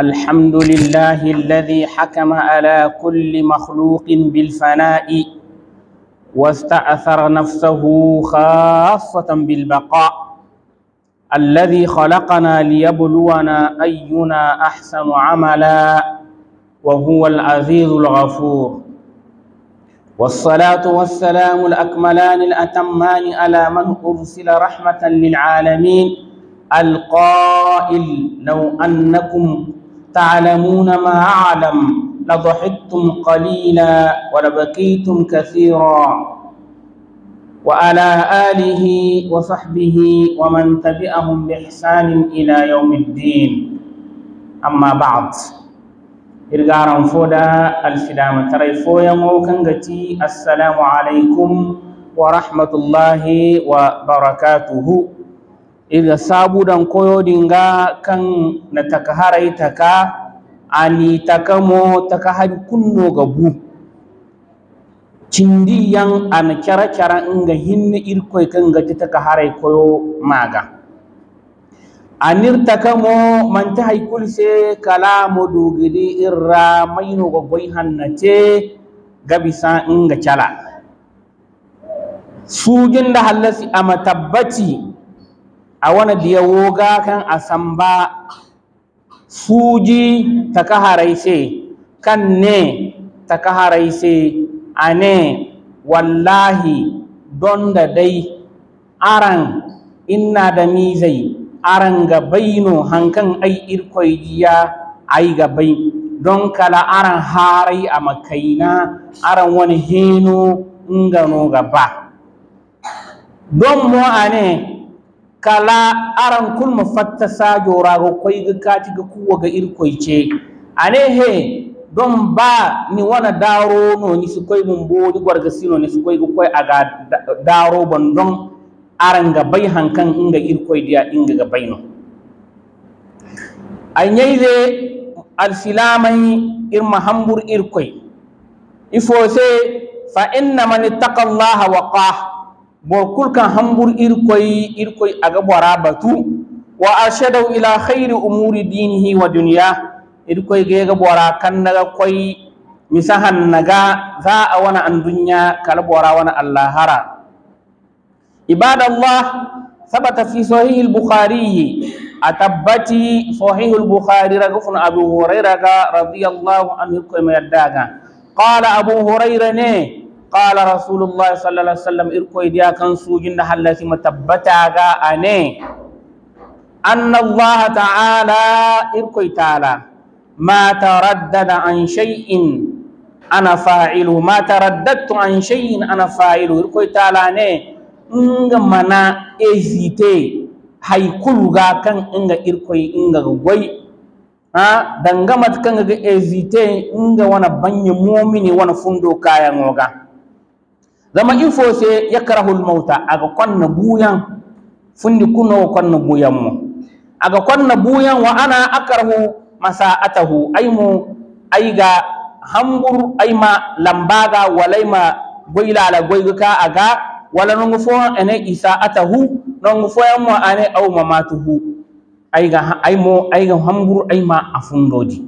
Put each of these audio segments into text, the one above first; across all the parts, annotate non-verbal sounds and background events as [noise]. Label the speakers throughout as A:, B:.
A: الحمد لله الذي حكم على كل مخلوق بالفناء واستأثر نفسه خاصة بالبقاء الذي خلقنا ليبلونا أينا أحسن عملا وهو العزيز الغفور والصلاة والسلام الأكملان الأتمان على من أرسل رحمة للعالمين القائل لو أنكم تعلمون ما أعلم لضحكتم قليلا ولبكيتم كثيرا وعلى آله وصحبه ومن تبعهم بإحسان إلى يوم الدين أما بعد إرغارم فودا الفدام تريفويا موكنغتي السلام عليكم ورحمة الله وبركاته ila sabudan dinga, kan na taka harai taka ani takamo taka hari kunno gabu cindi yang an cara cara nga hinne irkoy kan ga ta harai koyo maga anir mo man ta hay kulse kalamu dugidi irra maino go goy hannate gabisa nga cala sujin da halasi ama tabbati A da ya woga kan asamba suji takaharaise kan ne A ne wallahi don da dai aran ina da mizai aran no hankan ai irkoi jiya ai gabai don kala aran harai a makaina aran wani heno ingano gaba don mu ane kala aran kulma ga kuwa ga katiga ce, a ane he don ba ni wana daro no ni su koy mun bodi gwarga sino ni su koy ga a aga daro ban don ga bai hankan inga irkoy dia inga ga baino anyaide alsilamai irma hambur ifo se fa inna man ittaqa allaha waqah borkul kan hambur irkoi a aga bora batu wa ashadu ila khairi umuri dini wa dunya irkoi gega bora kan naga koi misahan naga za awana an dunya kala bora wana allahara ibadallah sabata fi sahih al-bukhari atabati sahih al-bukhari rafun abu hurairah radhiyallahu anhu kuma yaddaga qala abu hurairah ne qala rasulullah sallallahu alaihi wasallam irko idiya kan sujin da hallasi matabbata ga ane anna allah ta'ala irko ta'ala ma taraddada an shay'in ana fa'ilu ma taraddadtu an shay'in ana fa'ilu irko ta'ala ne inga mana ezite haikulu ga kan inga irko inga gwai ha dangamat kan ga ezite inga wana banye mumini wana fundo kaya ngoga zama in ya yakrahul mauta aga konna buyan fundi kuno konna buyan mu aga konna buyan wa ana akrahu masa'atahu aimu aiga hambur aima lambaga walaima goyla ala goyga aga wala nungu fo ene atahu nungu fo yamma ane au mamatuhu aiga aimo aiga hambur aima afundodi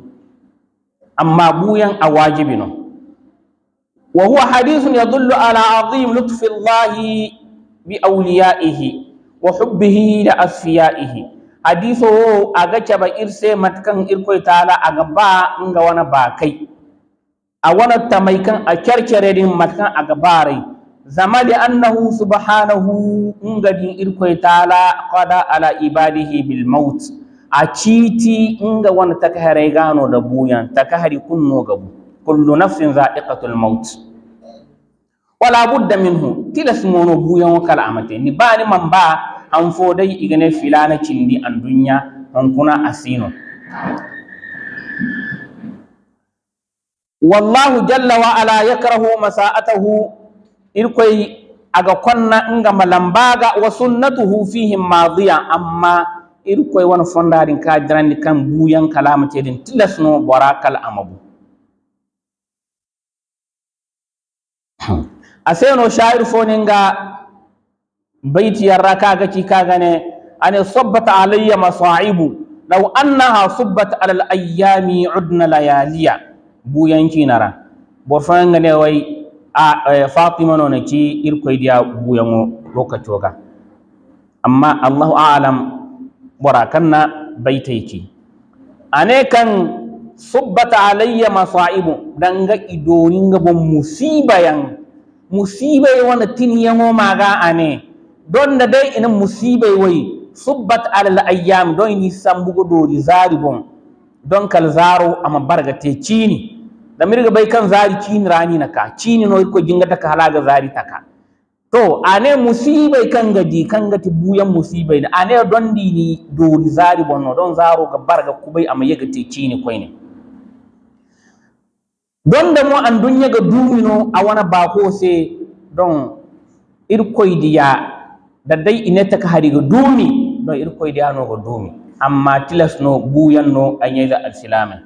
A: amma buyan a wajibi no wa huwa hadithun yadullu ala azim lutfillahi bi awliyaihi wa hubbihi da asfiyaihi hadiso a aga caba irse matkan irkoy taala aga ba nga wana ba a wana tamai kan a kyarkyare din matkan aga barai zama li annahu subhanahu nga din irkoy taala qada ala ibadihi bil a citi nga wana takahare gano da buyan takahari kunno gabu kullu nafsin za'iqatul maut wala budda minhu tilas mono buyaŋo kala amate ni bani man an fo dai igane filana cindi an dunya an kuna asino wallahu jalla wa ala yakrahu masa'atahu irkoi aga konna nga malambaga wa sunnatuhu fihim madhiya amma irkoi wona fondarin ka jrandi kan buyan din tilasno bora kala amabu a seno sha'ir foninga ki, kagaki kagane an sabbata alayya masaibu law annaha subbat ala al ayami udna layaliya buyankinara bor fangane wai a fatima no ne ci yango roka lokkacoga amma allah alam barakanna kanna baitayki ane kan subbata alayya masaibu danga idoninga bon musiba yang musibai a ne. Don da dai ina musibai wai subbat alal ayyam don ini bugu dori zari bon don kal zaro ama ga te cini mirga bai kan zari cini rani na ka cini no ko ta ka halaga zari ka. to a ane musibai kan gaji kan gati buyan musibai ne don dini dori zari bon no don zaro ga barga kubai ama yaga te cini koyne don da mu an dunya ga dumino a wani bako sai don irkoidiya da dai ta ka hari ga dumi don irkoidiya no ga dumi amma tilas no buyan no an yi da alsilamin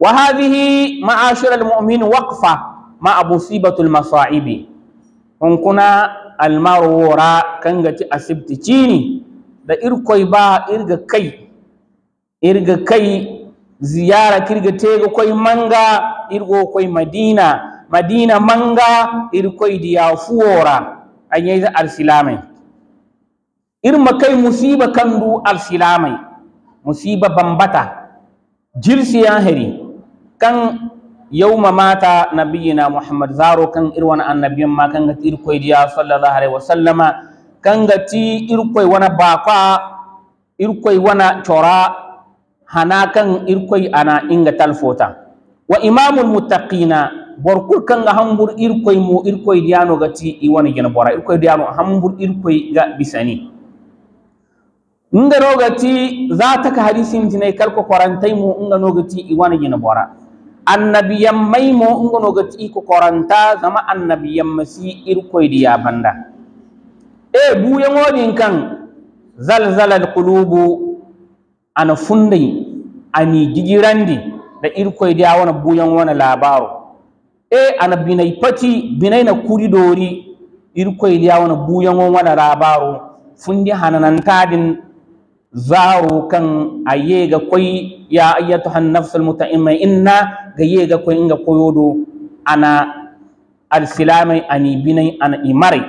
A: wa hadhihi ma'ashir almu'min waqfa ma abu sibatul masa'ibi kun kuna almarwara kangati asibti cini da irkoi ba irga kai irga kai ziyara kirga tega kwai manga irgo kwai madina madina manga irkoi diya fuwora al arsilamai irma kai musiba kandu arsilamai musiba bambata jilsi ya heri kan yauma mata nabiyina muhammad zaro kan irwana annabiyan ma kan gati irkoi diya sallallahu alaihi wasallama kan gati irkoi wana bakwa Irkoi wana chora hana kan irkoy ana inga talfota wa imamul muttaqina borkul kan ga hambur irkoy mo irkoy diano gati iwani gena bora irkoy diano hambur irkoy ga bisani nga rogati ta ka hadisin jinai kalko korantai mo nga nogati iwani gena bora annabiyam mai mo nga nogati ko koranta zama annabiyam masi irkoy diya banda e buya ngodin kan zalzalal qulubu ana fundai ani jigirandi da irkoyde a wona buyan wani labaro e ana binai pati binai na kuri doori irkoyde a wona buyan wani labaro Fundi hananan tadin zaro kan a yeega koy ya ayatuha nafsul mutaimma inna ga yeega koy nga koyodo ana alsilamai ani binai ana imari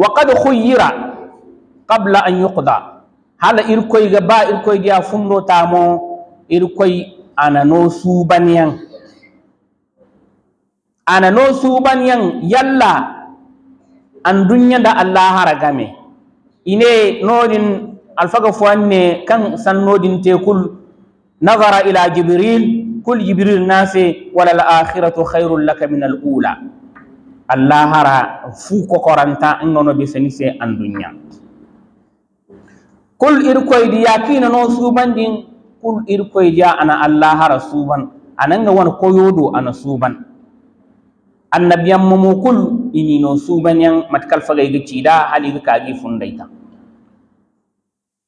A: wa qad khuyira qabla an yuqda hala ga ba irkoyga ta mo irkoi anano su subanyan anano su subanyan yalla an dunya da allah haragame ine nodin alfaga ne kan san te tekun nazara ila jibril kul jibril nase wala akhiratu khairul lak min alula allah hara fu kokoranta ngono be senise an dunya kul irkoydi yakina suban suubandin kul irkoydiya ana allah hara ananga wona koyodo ana suuban annabiyan momo kul ini n'o suban yan matkal fagayga ciida haliga kaagi fundayta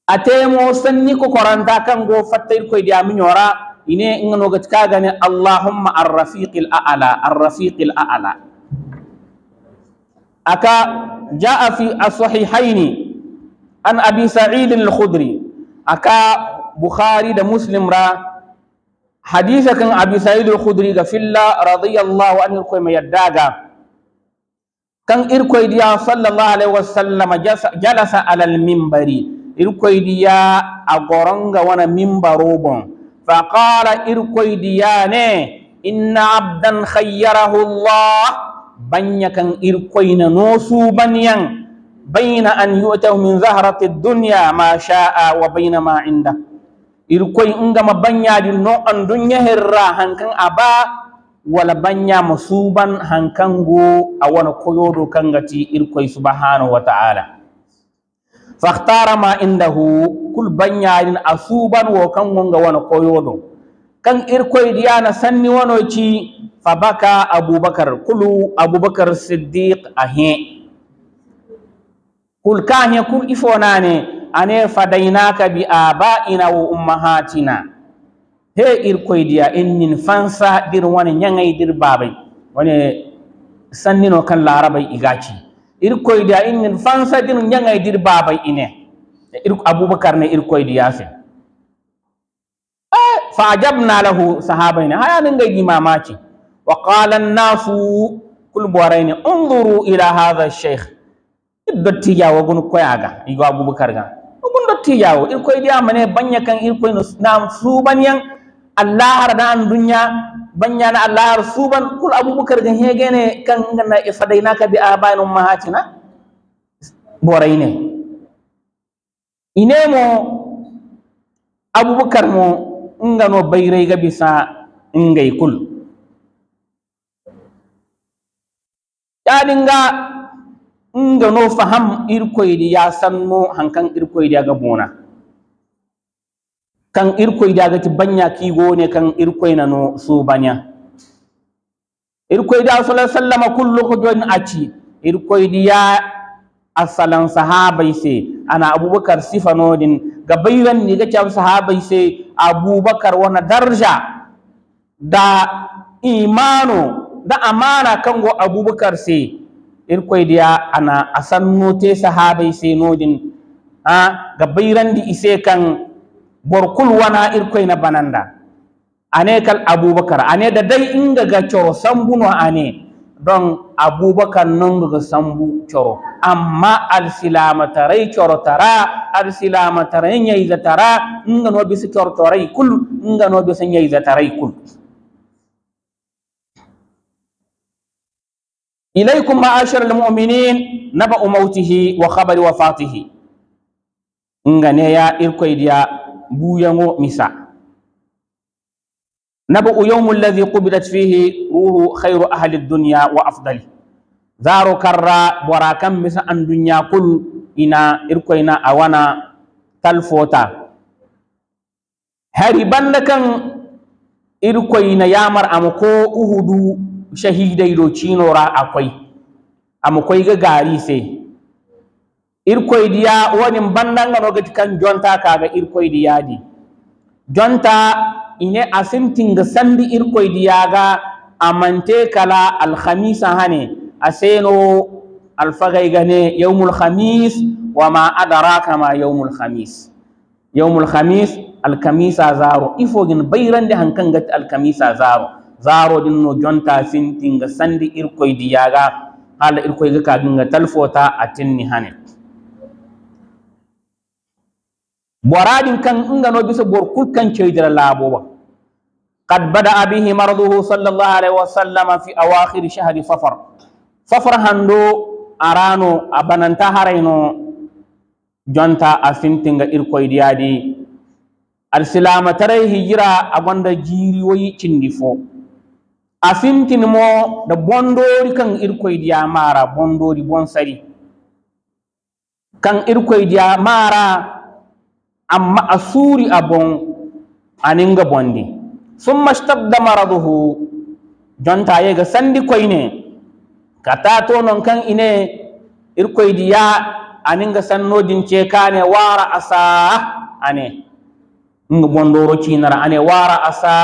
A: atemo sanni ko koranta kan go fatta irkoydiya miñora ine gani? Allahuma allahumma arrafiqi l a'la arrafiqi l a'la aka jaa fi asahihaini an abi sa'id al-khudri aka bukhari da muslim ra hadisa kan abi sa'id al-khudri ga filla radiyallahu anhu ko mai yadda ga kan irkoy diya sallallahu alaihi wasallam jalasa alal mimbari irkoy diya a goronga wana minbaro bon fa qala irkoy diya ne inna abdan khayyarahu allah banya kan irkoy na nosu banyan بين أن يؤتوا من زهرة الدنيا ما شاء ma inda. Irkwai in gama mabanya di no an dunya hirra hankan ba, wala banya musuban hankan go awana koyodo kangati irkoi subhanahu wa ta'ala fakhtara ma indahu kul banya din asuban wa kan wonga wana koyodo kan irkoi na sanni wani ci fabaka abubakar kulu abubakar siddiq ahe kul kahya kul ne ane ka bi a abaina wa ummahatina he irkoi diya irkoydiya ennin fansa dir wona ñagay dir babay wone sannino kan larabay igaci irkoydiya ennin fansa dir ñagay dir babay ine abubakar ne irkoydiya fe fa ajabna lahu sahabayne hayaningaydi mamaci wa qala annasu kul borayne unduru ila hatha cheikh yawo gun koyaga igo abubakar ga gun yawo, il irkoy dia mane banya kan il no nam suban yang allah har dunya banya na allah har suban kul abubakar ga hegene kan na ifadaina ka bi abain ummahatina boraine mo abubakar mo ngano bayre ga bisa ngai kul dinga. nga no faham irkoydi ya sanmo hankan irkoydi aga bona kan irkoydi agati banya ki kigone kan irkoyna no su banya irkoydi a sala sallama kullu hujun achi irkoydi ya asalan sahabai se ana abubakar sifanodin ga bayran ni gaca sahabai se abubakar wana darja da imano da amana kango abubakar se irkoy dia ana asan note sahabai sai nojin. a di ise kan borkul wana irkoy na bananda ane kal abubakar ane da dai inga ga coro sambu no ane don abubakar non ga sambu coro amma tarai coro tara alsilamatarai yayi zatara inga no bisu coro torai kul inga no nyai yayi zatarai kul إليكم معاشر المؤمنين نبأ موته وخبر وفاته نغنيا إلكوي ديا بويانو مسا نبأ يوم الذي قبلت فيه روح خير أهل الدنيا وأفضله زارو كرا براكم مسا أن دنيا كل إنا إلكوينا أوانا تلفوتا هربان لكن إلكوينا يامر أمكو أهدو do cinora akwai Irkoi diya wani irkoydiya wonin bandanganogaci kan jonta kaga irkoydiyadi jonta ine asintinga sandi ga amante kala al-Khamisa hane aseno alfagaygane yawmul khamis wama adraka ma yawmul khamis yawmul khamis khamisa zaro ifogin bayrande al alkamisa zaro zaro din no jonta finti nga sandi irkoy diyaga hala irkoy ga nga talfota atinni hane boradin kan inga no bisa bor kul kan ceydira labo ba qad bada bihi marduhu sallallahu alaihi wa wasallam fi awakhir shahri safar safar hando arano abananta haraino jonta a fintinga irkoy diyadi alsilama tarai hijira a jiri wayi cindi fo a mo da bondori kan irkoi diya mara bondori bonsari kan irkoi diya mara amma a suri a bon aninga bondi summa da maraduhu jonta yega sandi koyne kata tonon kan ine irkoi diya aninga sannodin cekane wara asa ane nga bondoro cinara ane wara asa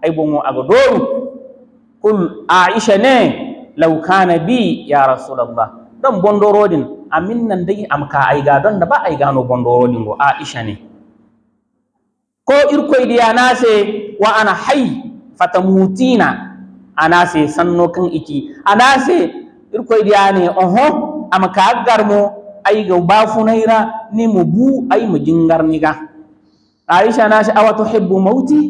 A: ay a ga doru kul aisha ne Lauka na bi ya rasulallah don bondorodin amin nan dai amka ai ga don da ba ai gano bondorodin go aisha ne ko irkoy na nase wa ana hayy fatamutina anase sanno kan iki anase irkoy diya ne oho amka garmo ai ga naira ni mu bu ai mu jingarniga aisha na shi awa tuhibbu mauti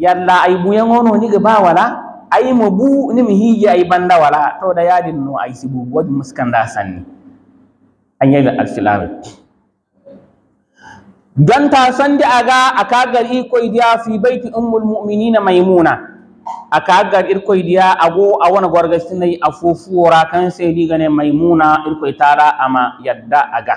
A: yalla ai buyan ono ni ga ba wala Ai mu bu ni mu hiiji ai banda wala to da yaadin no ay si bubu muskan da sanni a ñayga alsilami san da aga a kagar irkoy diya fi baiti ummul muminina Maimuna, a kagar irkoy diya ago a wani wona gorgasinayi afofu fofuwora kan sai seydi gane maymuna irkoy taɗa ama yadda aga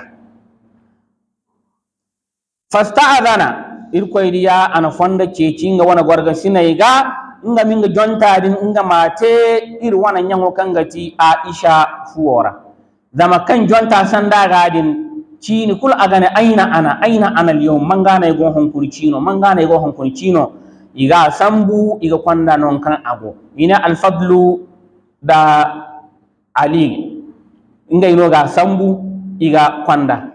A: fasta adana irkoy diya ana fonda cecinga wona gorgasinayi ga nga minga jontarin nga mate ir wana nyango kangati aisha fuwora zama kan jonta sanda gadin chini kul agane aina ana aina ana liyo mangana go honkun chino mangana go honkun chino iga sambu iga kwanda non kan ago ina alfadlu da ali nga ino ga sambu iga kwanda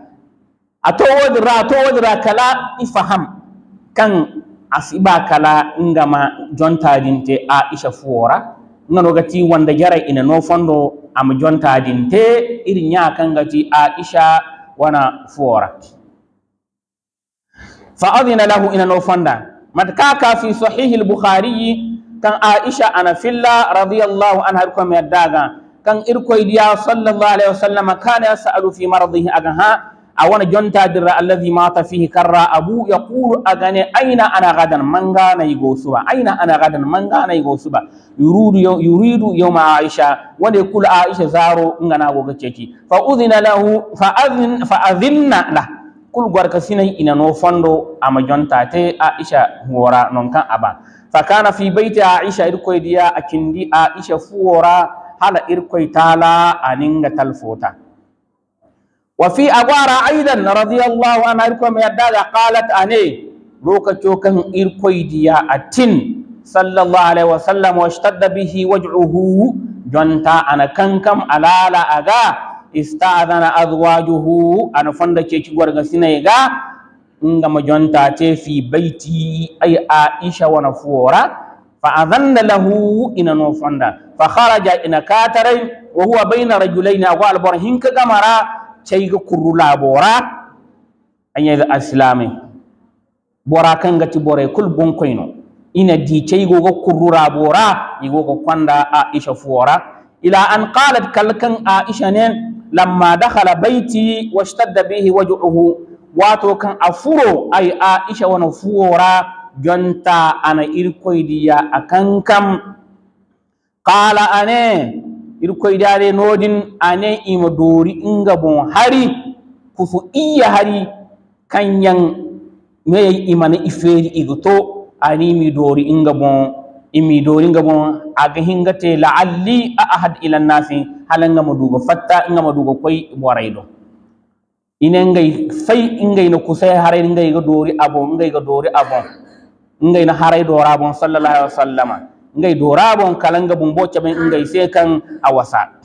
A: atowodra atowodra kala ifaham kan a siɓa kala ngama jontadinte aicha fuwora gati wanda jara ina no fondo ama jontadinte iri a isha wana fuwora fa adina lahu ina no fonda mat kaka fi al bukhari kan Aisha ana filla radiyallahu anha ko me daga kan irko idiya sallallahu alaihi wasallam kana yasalu fi maradhihi aga ha a wani jonta dirra allazi mata fihi karra abu a gane aina ana gadan man yi gosu ba aina ana gadan man yi gosu ba yuridu yau ma aisha wani kula aisha zaro inga go gaceci fa udhina lahu fa adhin fa adhinna la kul gwarka sinai ina no fondo a majonta ta aisha wora non kan aba fa kana fi baiti aisha irkoy diya kindi aisha fuwora hala irkoy tala ninga talfota wafi agwara aidan na radiyallahu an harkar mai yadda da kalat a ne lokacin irkoi diya a tin sallallahu alaihi wasallam wa shtadda bihi waj'uhu jonta an kankam alala aga istazana azwajuhu an fanda ke ci gwarga sinai ga inga ma jonta ce fi baiti ay aisha wa nafura fa azanna lahu ina no fanda fa kharaja ina katarai wa huwa bayna rajulaini aga albarhin ka kamara. ceyga kurrula bora anyega asilame bora kan ti bore kul bonkoyno ina di ceygoga kurrura bora igoga konda aisha fuwora ila an qalat kalkan aisha ne lamma dakhala baiti washtadda bihi waj'uhu wato kan afuro ay aisha wana fuwora jonta ana irkoydiya akan kam qala ane idare noodin anen ima dori inga bon hari kufu iya hari kanyang meyey imana ifeeri iga to ani imi dori inga bon imi dori inga bon aga hingate laalli a ahad ila nasi hala nga duga fatta nga duga koy waraido ine ngay fay ingay no kusay haray ngay ga dori abon ngay ga dori abon ngay no haray dori abon sallallahu alaihi wa sallama ngai dorabon kalanga bumbo chabe ngai sekan awasa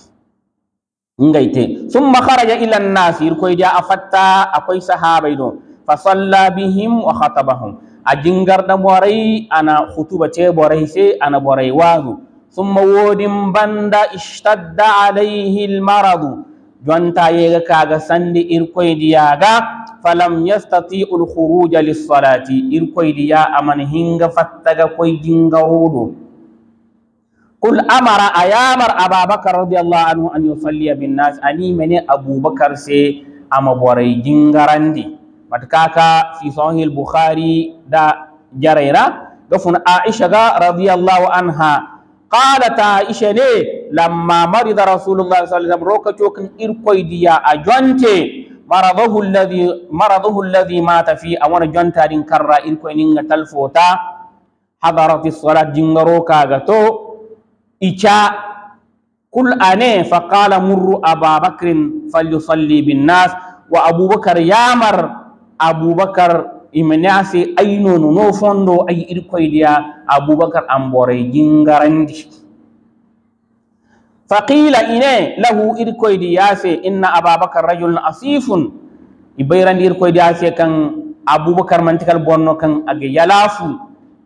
A: ngai te summa kharaja ila an-nas irko afatta akwai sahabai do fa salla bihim wa khatabahum ajingar da borai ana khutuba ce borai sai ana borai wazu summa wodim banda ishtadda alaihi al marad jonta yega kaga sandi dia ga falam yastati'u al-khuruj lis-salati koy dia aman hinga fattaga koy jingawudo kul amara a yamar ababakar radiyallahu anhu an yusalliya bin nas ani abubakar sai ama boray jingarandi matkaka fi sahih bukhari da jaraira gafun aisha ga radiyallahu anha qalat aisha ne lamma marida rasulullah sallallahu alaihi wasallam rokato kan irkoidiya a jonte مرضه الذي مرضه الذي مات في أوان جنتا دين كرا إلكو إنين تلفوتا حضرت الصلاة جنروكا غتو ica kul ane faqala murru aba bakrin bin nas wa abubakar yamar abubakar aino aynono no fondo ay irkoydiya abubakar amboray jingarandi faqila ine lahu irkoydi yase inna ababakar rajulun asifun ibayrandi ya ce kan abubakar mantikal borno kan aga yalafu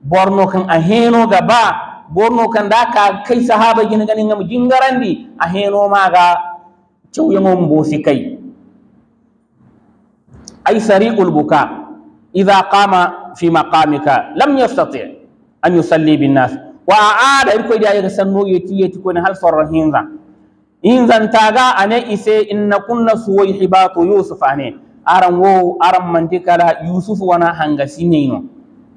A: borno kan a heno gaba borno kan da ka kai sahaba gina ganin ngam jingarandi a heno maga cew yamon bosi kai ay sari'ul buka idha qama fi maqamika lam yastati an yusalli bin nas wa aada irko da yaga sanno yati yati ko hal farra hinza inzan taga ane ise inna kunna suwai hibatu yusuf ane aran wo aran mantikala yusuf wana hanga sinino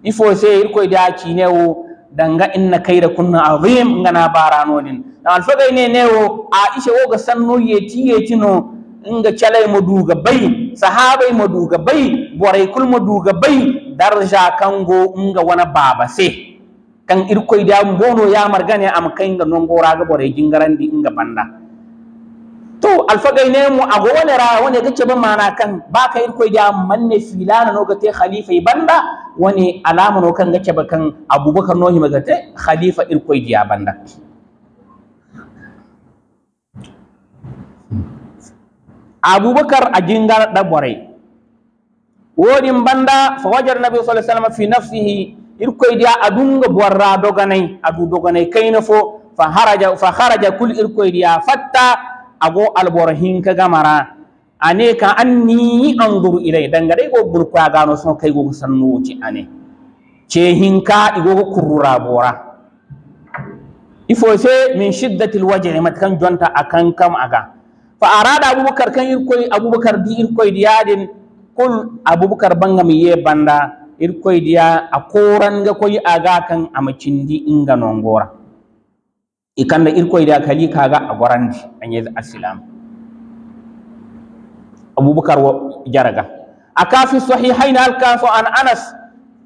A: ifo se irko da kinewo danga inna kayda kunna azim ngana baranonin na alfagay ne newo aisha woga sanno ye tino nga calay mo duga bay sahabay mo duga bay boray kul mo duga bay darja kango nga wana baba se kan irkoy da mbono ya margane am kay nga ga boray jingarandi nga banda to a gowane rawa ra wone gaccebe mana kan baka ir koyga manne filana no gate khalifa banda wani alama no kan ba kan abubakar no hima gate khalifa ir koydiya banda abubakar a jingar ɗaɓɓarai woɗin banda fa wajar nabi alaihi wasallam fi nafsihi irkoydiya a dunga borra doganai adu doganai kayna fo fa haraja fa haraja kul irkoydiya fatta ago alborhin ka gamara ane ka anni anzuru ilai dangare go burka gano so kai go sannu ci ane ce hinka igo kurura bora ifo se min shiddatil wajhi kan jonta akan kam aga fa arada abubakar kan irkoi abubakar di irkoy diyadin kul abubakar bangam ye banda irkoy diya akoran ga koi aga kan amacindi inga nongora Ikan da ikamɓe da kali kaga a gorandi añes asilam aboubacar wo jaraga a kafin kafi sahihayna alkafo an anas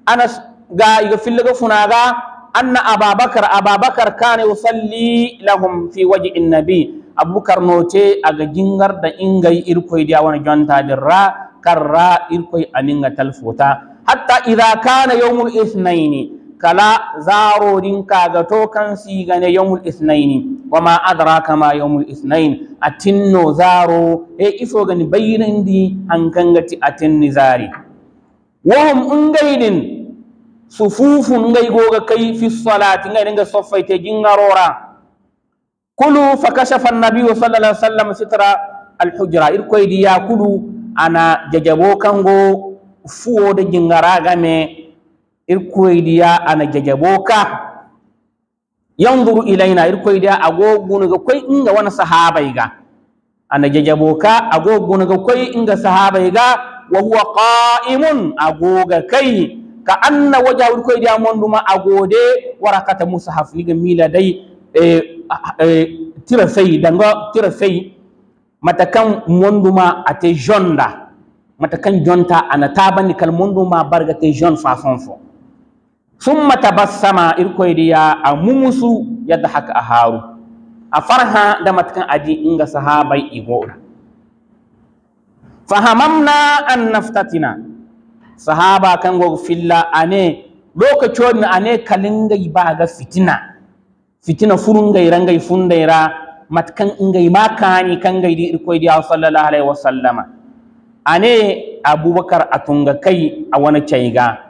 A: anas ga iga filliga funaga anna Ababakar, Ababakar kane usalli lahum fi waji innabi aboubacar note aga jingarda ingay irkoyde a wona jontade ra kar ra irkoy aninga tal fota hatta ida kana yawmul ithnaini kala zarorin ga to kan sigane yawmul ithnaini wama adraka ma yawmul A atinno zaro e iso gani di an kangati atinni zari wahum ungaidin sufufun ngai goga kai fi salati ngai dinga soffaite jingarora kulu fakashafa annabiyyu sallallahu alaihi wasallam sitra alhujra irkoydi Kulu ana jajabo kango fuwo da jingara game irkoidiya ana jajaboka yanzuru ilaina irkoidiya agogunuga koy inga wana sahabayga ana gegeboka agogunuga koy inga sahabayga wa huwa qa'imun agoga kai ka anna waja irkoidiya monduma agode warakata musahaf liga mila day e, e, tira sai danga tira sai matakan monduma ate jonda matakan jonta anataba tabani kal monduma barga te jon fa fonfo summa tabassama irkoyde ya a mumusu yadda haka a haru a farha da matakan aji inga sahabai igora fahamamna an naftatina sahaba kan go a ne lokacin ane ba ga fitina fitina gaira-gai, furunga iranga fundaira matkan inga makani kanga idi irkoyde ya sallallahu alaihi wasallama ne abubakar a tunga kai a wani caiga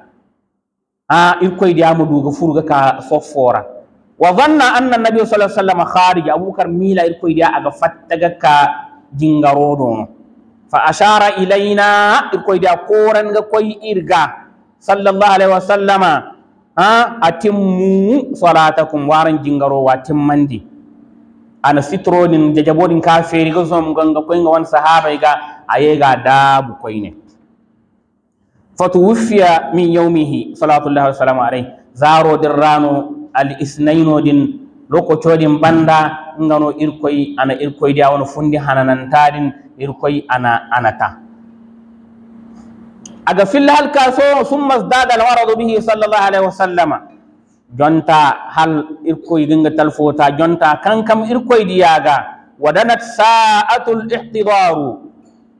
A: ha irkoy di mu duga furuga ka fofora, wa dhanna anna nabiy sallallahu alaihi wasallam kharij abubakar mila irkoy di aga fattaga ka jingarodo fa ashara ilaina irkoy di koran ga koy irga sallallahu alaihi wasallam ha atimmu salatakum waran jingaro wa timmandi ana sitronin jajabodin kafiri feeriga zom ganga ga wan sahaba ga ayega daabu ne fatuwuffiya min yau mihi yaumihi salatullah wasalamu alai zaroɗin rano al-isnainodin lokocoɗin banda ngano irkoy ana irkoy dia wani fundi hananantaɗin irkoy ana anata A ga aga filla hal kaso summa zdada alwaradu bihi sallallahu alaihi wa sallama, jonta hal irkoy ginga talfota jonta kankam irkoy diyaga wadanat sa'atul ihtidaru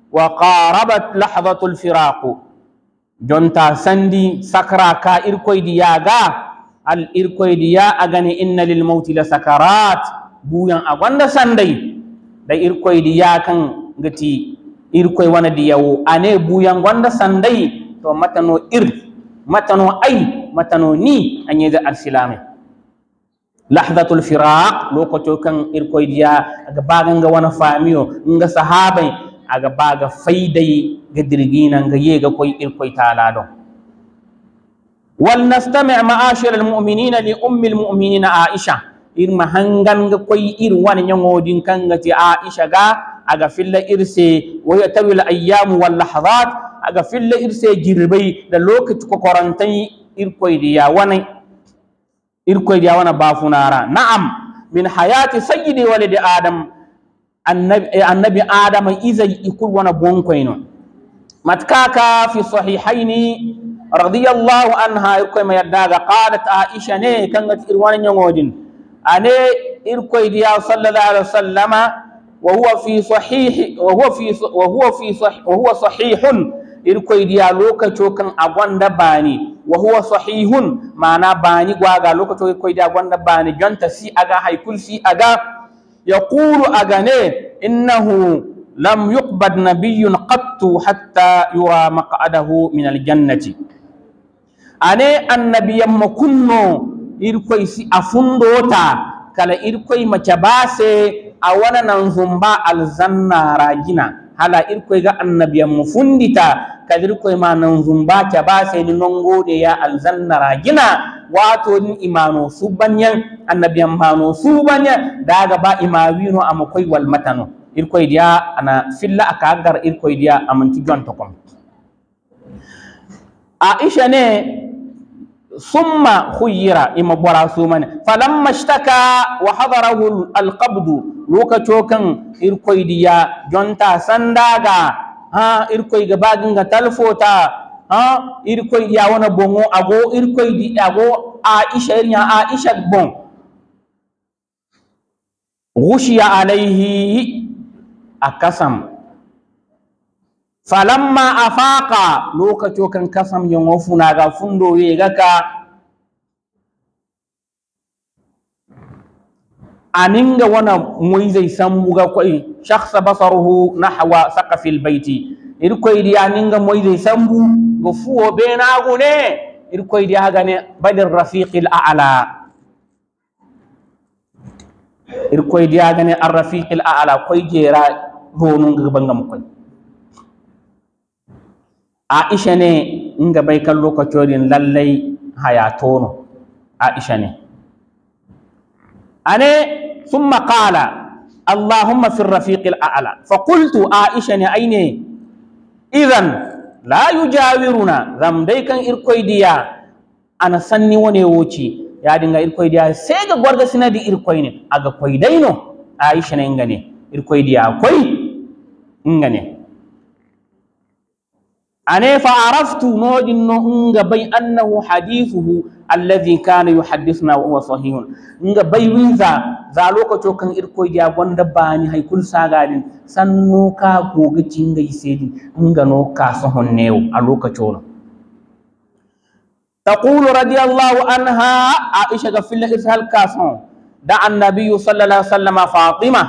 A: wa qarabat lahdatul firaku. jonta sandi sakra ka irkoydi yaga al irkoydi ya agani inna lil mauti la sakarat buyan a gwanda sandai, da irkoydi ya kan ngati irkoy wanadi yawo ane buyan gwanda sandai, to matano ir matano ay matano ni anyeda al arsilame lahzatul firaq lokacin kan irkoydi ya aga baga nga wana famiyo nga sahabai aga baga faidai قدرقينا قيقا كوي إلكوي تعالى دون ولنستمع معاشر المؤمنين لأم المؤمنين عائشة إرما هنغان كوي إروان ينودين كانت عائشة أغا في الله إرسي ويتوي الأيام واللحظات أغا في الله إرسي جربي دلوك تكوكورانتين إلقوي دياواني إلقوي دياوانا بافنارا نعم من حياة سيدي ولد آدم النبي, النبي آدم إذا يكون وانا بونكوينون matkaka fi sahihaini radiyallahu anha irkoy ma yaddaga qalat aisha ne kangati irwan nyongodin ane irkoy diya sallallahu alaihi wasallama wa huwa fi sahih wa huwa fi wa huwa fi wa huwa sahihun irkoy diya lokaco kan agwanda bani wa huwa sahihun mana bani gwaga lokaco irkoy diya agwanda bani jonta si aga haikul si aga yaqulu agane innahu lam yuqbad nabiyyun qattu hatta yura maq'adahu min aljannati ane annabiyamma kunno irkoy si a fundota kala irkoy macabase a wananan humba alzanna ragina hala irkoy ga annabiyamma fundita kadir koy ma nan humba cabase ni nongode ya alzanna ragina wato ni imano subanyan annabiyan mano subanyan daga ba imawino amakoy wal matano irkoydiya ana filla aka gar irkoydiya amanti jonto tokom aisha ne summa khuyira ima bora sumane falamma shtaka wa hadarahu alqabdu chokan kan irkoydiya jonta sandaga ha irkoyga baginga talfota ha irkoy ya wana bongo ago irkoy di ago aisha irnya aisha bon غشي عليه a kasam falamma afaqa lokaco kan kasam yongo funaga fundo yega ka aninga wana moyzey sambuga koy shakhsa basaruhu nahwa saqafi lbeyti iri koydi aninga moyzey sambu go fuwo benagune iri koydi hagane bali rafiqi lala iri koydi hagane arrafiqi ala, koy jera honunga aisha ne in ga bai kan lokacin lallai hayatono aisha ne ane sun makala allahumma fi rafiqil a'la fa qultu aisha ne aine idan la yujawiruna zam dai kan irkoy diya ana sanni wone wuce. ya dinga irkoy diya sai ga gwarga sinadi irkoy ne aga koy daino aisha ne in ngane irkoy diya koy ngane ane fa araftu no nga bay annahu hadithuhu alladhi kana yuhaddithuna wa huwa sahihun nga bay winza za lokaco kan irko ya gonda bani hay kul sagalin sanno ka goga cinga seedi nga no ka sohon new a lokaco no تقول رضي الله عنها عائشة في الإرسال كاسون دعا النبي صلى الله عليه وسلم فاطمة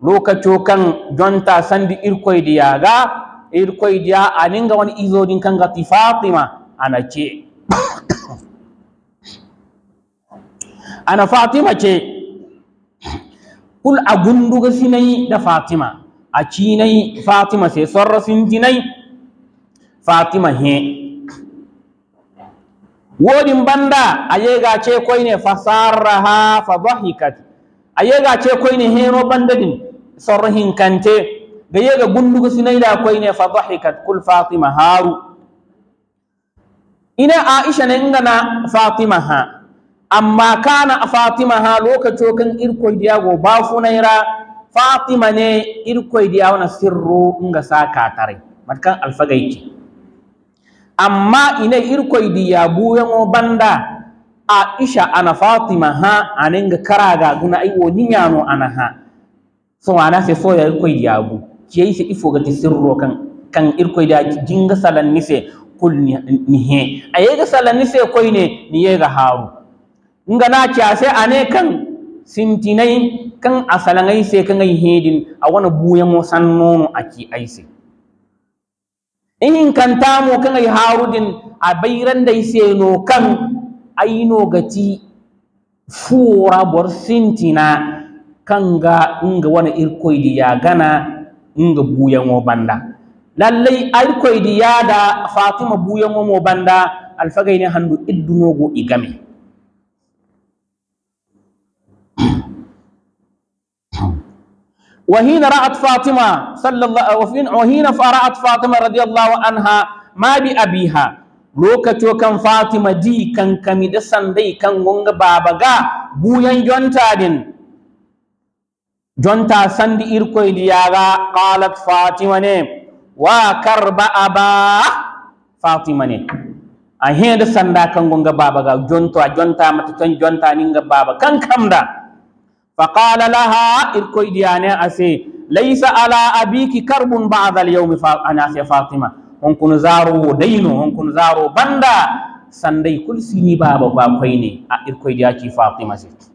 A: lokaco kan jonta sandi irkoi ga irkoi irkoyde ya aninga izo isodin kan gati fatima ana ce [coughs] ana fatima ce kul a gunduga sinai da fatima a cinai fatima sai sorra sintinai fatima he wodin banda a yega ce ne fasarraha fa dhahikat a yega ce koyne heno bandadin sarrahin kante ga yega gundugo sinayda koyne fa dahikat kul fatima haru ina aisha ne ingana fatima ha amma kana fatima ha lokacin kan irkoy diyago bafunayra fatima ne irkoy diyawana sirru nga sakatare matkan alfagayti amma ina irkoy diya buyango banda aisha ana fatima ha aninga karaga guna aiwo ninyano ana ha sowana se soya irkoy diabu yi il ifo gati sirro kan kan da jinga ni se kul ni he a ni sai se ne ni ga haru. nga na ase ane kan sintinai kan a sai se kan yi hedin a wana nono a aki aise. in kan mo kan haru harudin a da se no kan no gati fura bor sintina kanga inga wana irkoydi inga nga buyango banda lallai arkoydi yada fatima buyango mo banda alfagayne handu iddunogo igame وحين رأت فاطمة صلى الله وحين رأت فاطمة رضي الله عنها ما بأبيها lokacin kan Fatima di kan kami da sandai kan gonga babaga buyan jonta din jonta sandi irkoyndi yaga qalat fatima ne wa karba aba fatima ne a heede sanda kango nga baba ga jonta a jontamata ton jontani ninga baba kan kamda fa qala laha irkoyɗi ane ase laysa ala abiki karbun bada alyawmi ana ase fatima honkono zarowo dayno honkono zaro banda sandai kol sini baba ba ne a irkoyɗi aci fatima sai.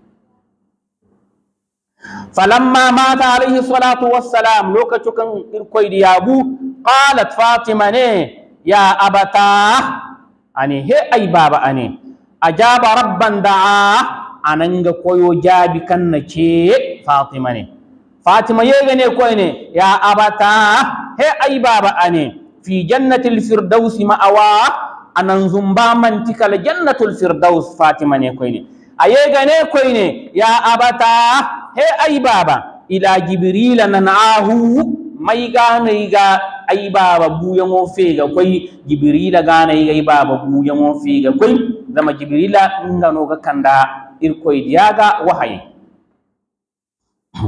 A: falamma mata alaihi salatu wassalam lokacukan irkoy diyagu qalat fatima ne ya abata ani he ai baba ani ajaba rabban da'a ananga koyo jabi kanna ce fatima ne fatima yega ne koy ne ya abata he ai baba ani fi jannatil firdausi ma'awa anan zumba mantikal jannatul firdaus fatima ne koy ne a yega ne koy he ai baba ila jibrila nanaahu may ga ai baba buyaŋo fega koi jibrila ga ai baba buyaŋo fega koi zama jibrila ga kanda irkoydiyaga wahai [clears throat]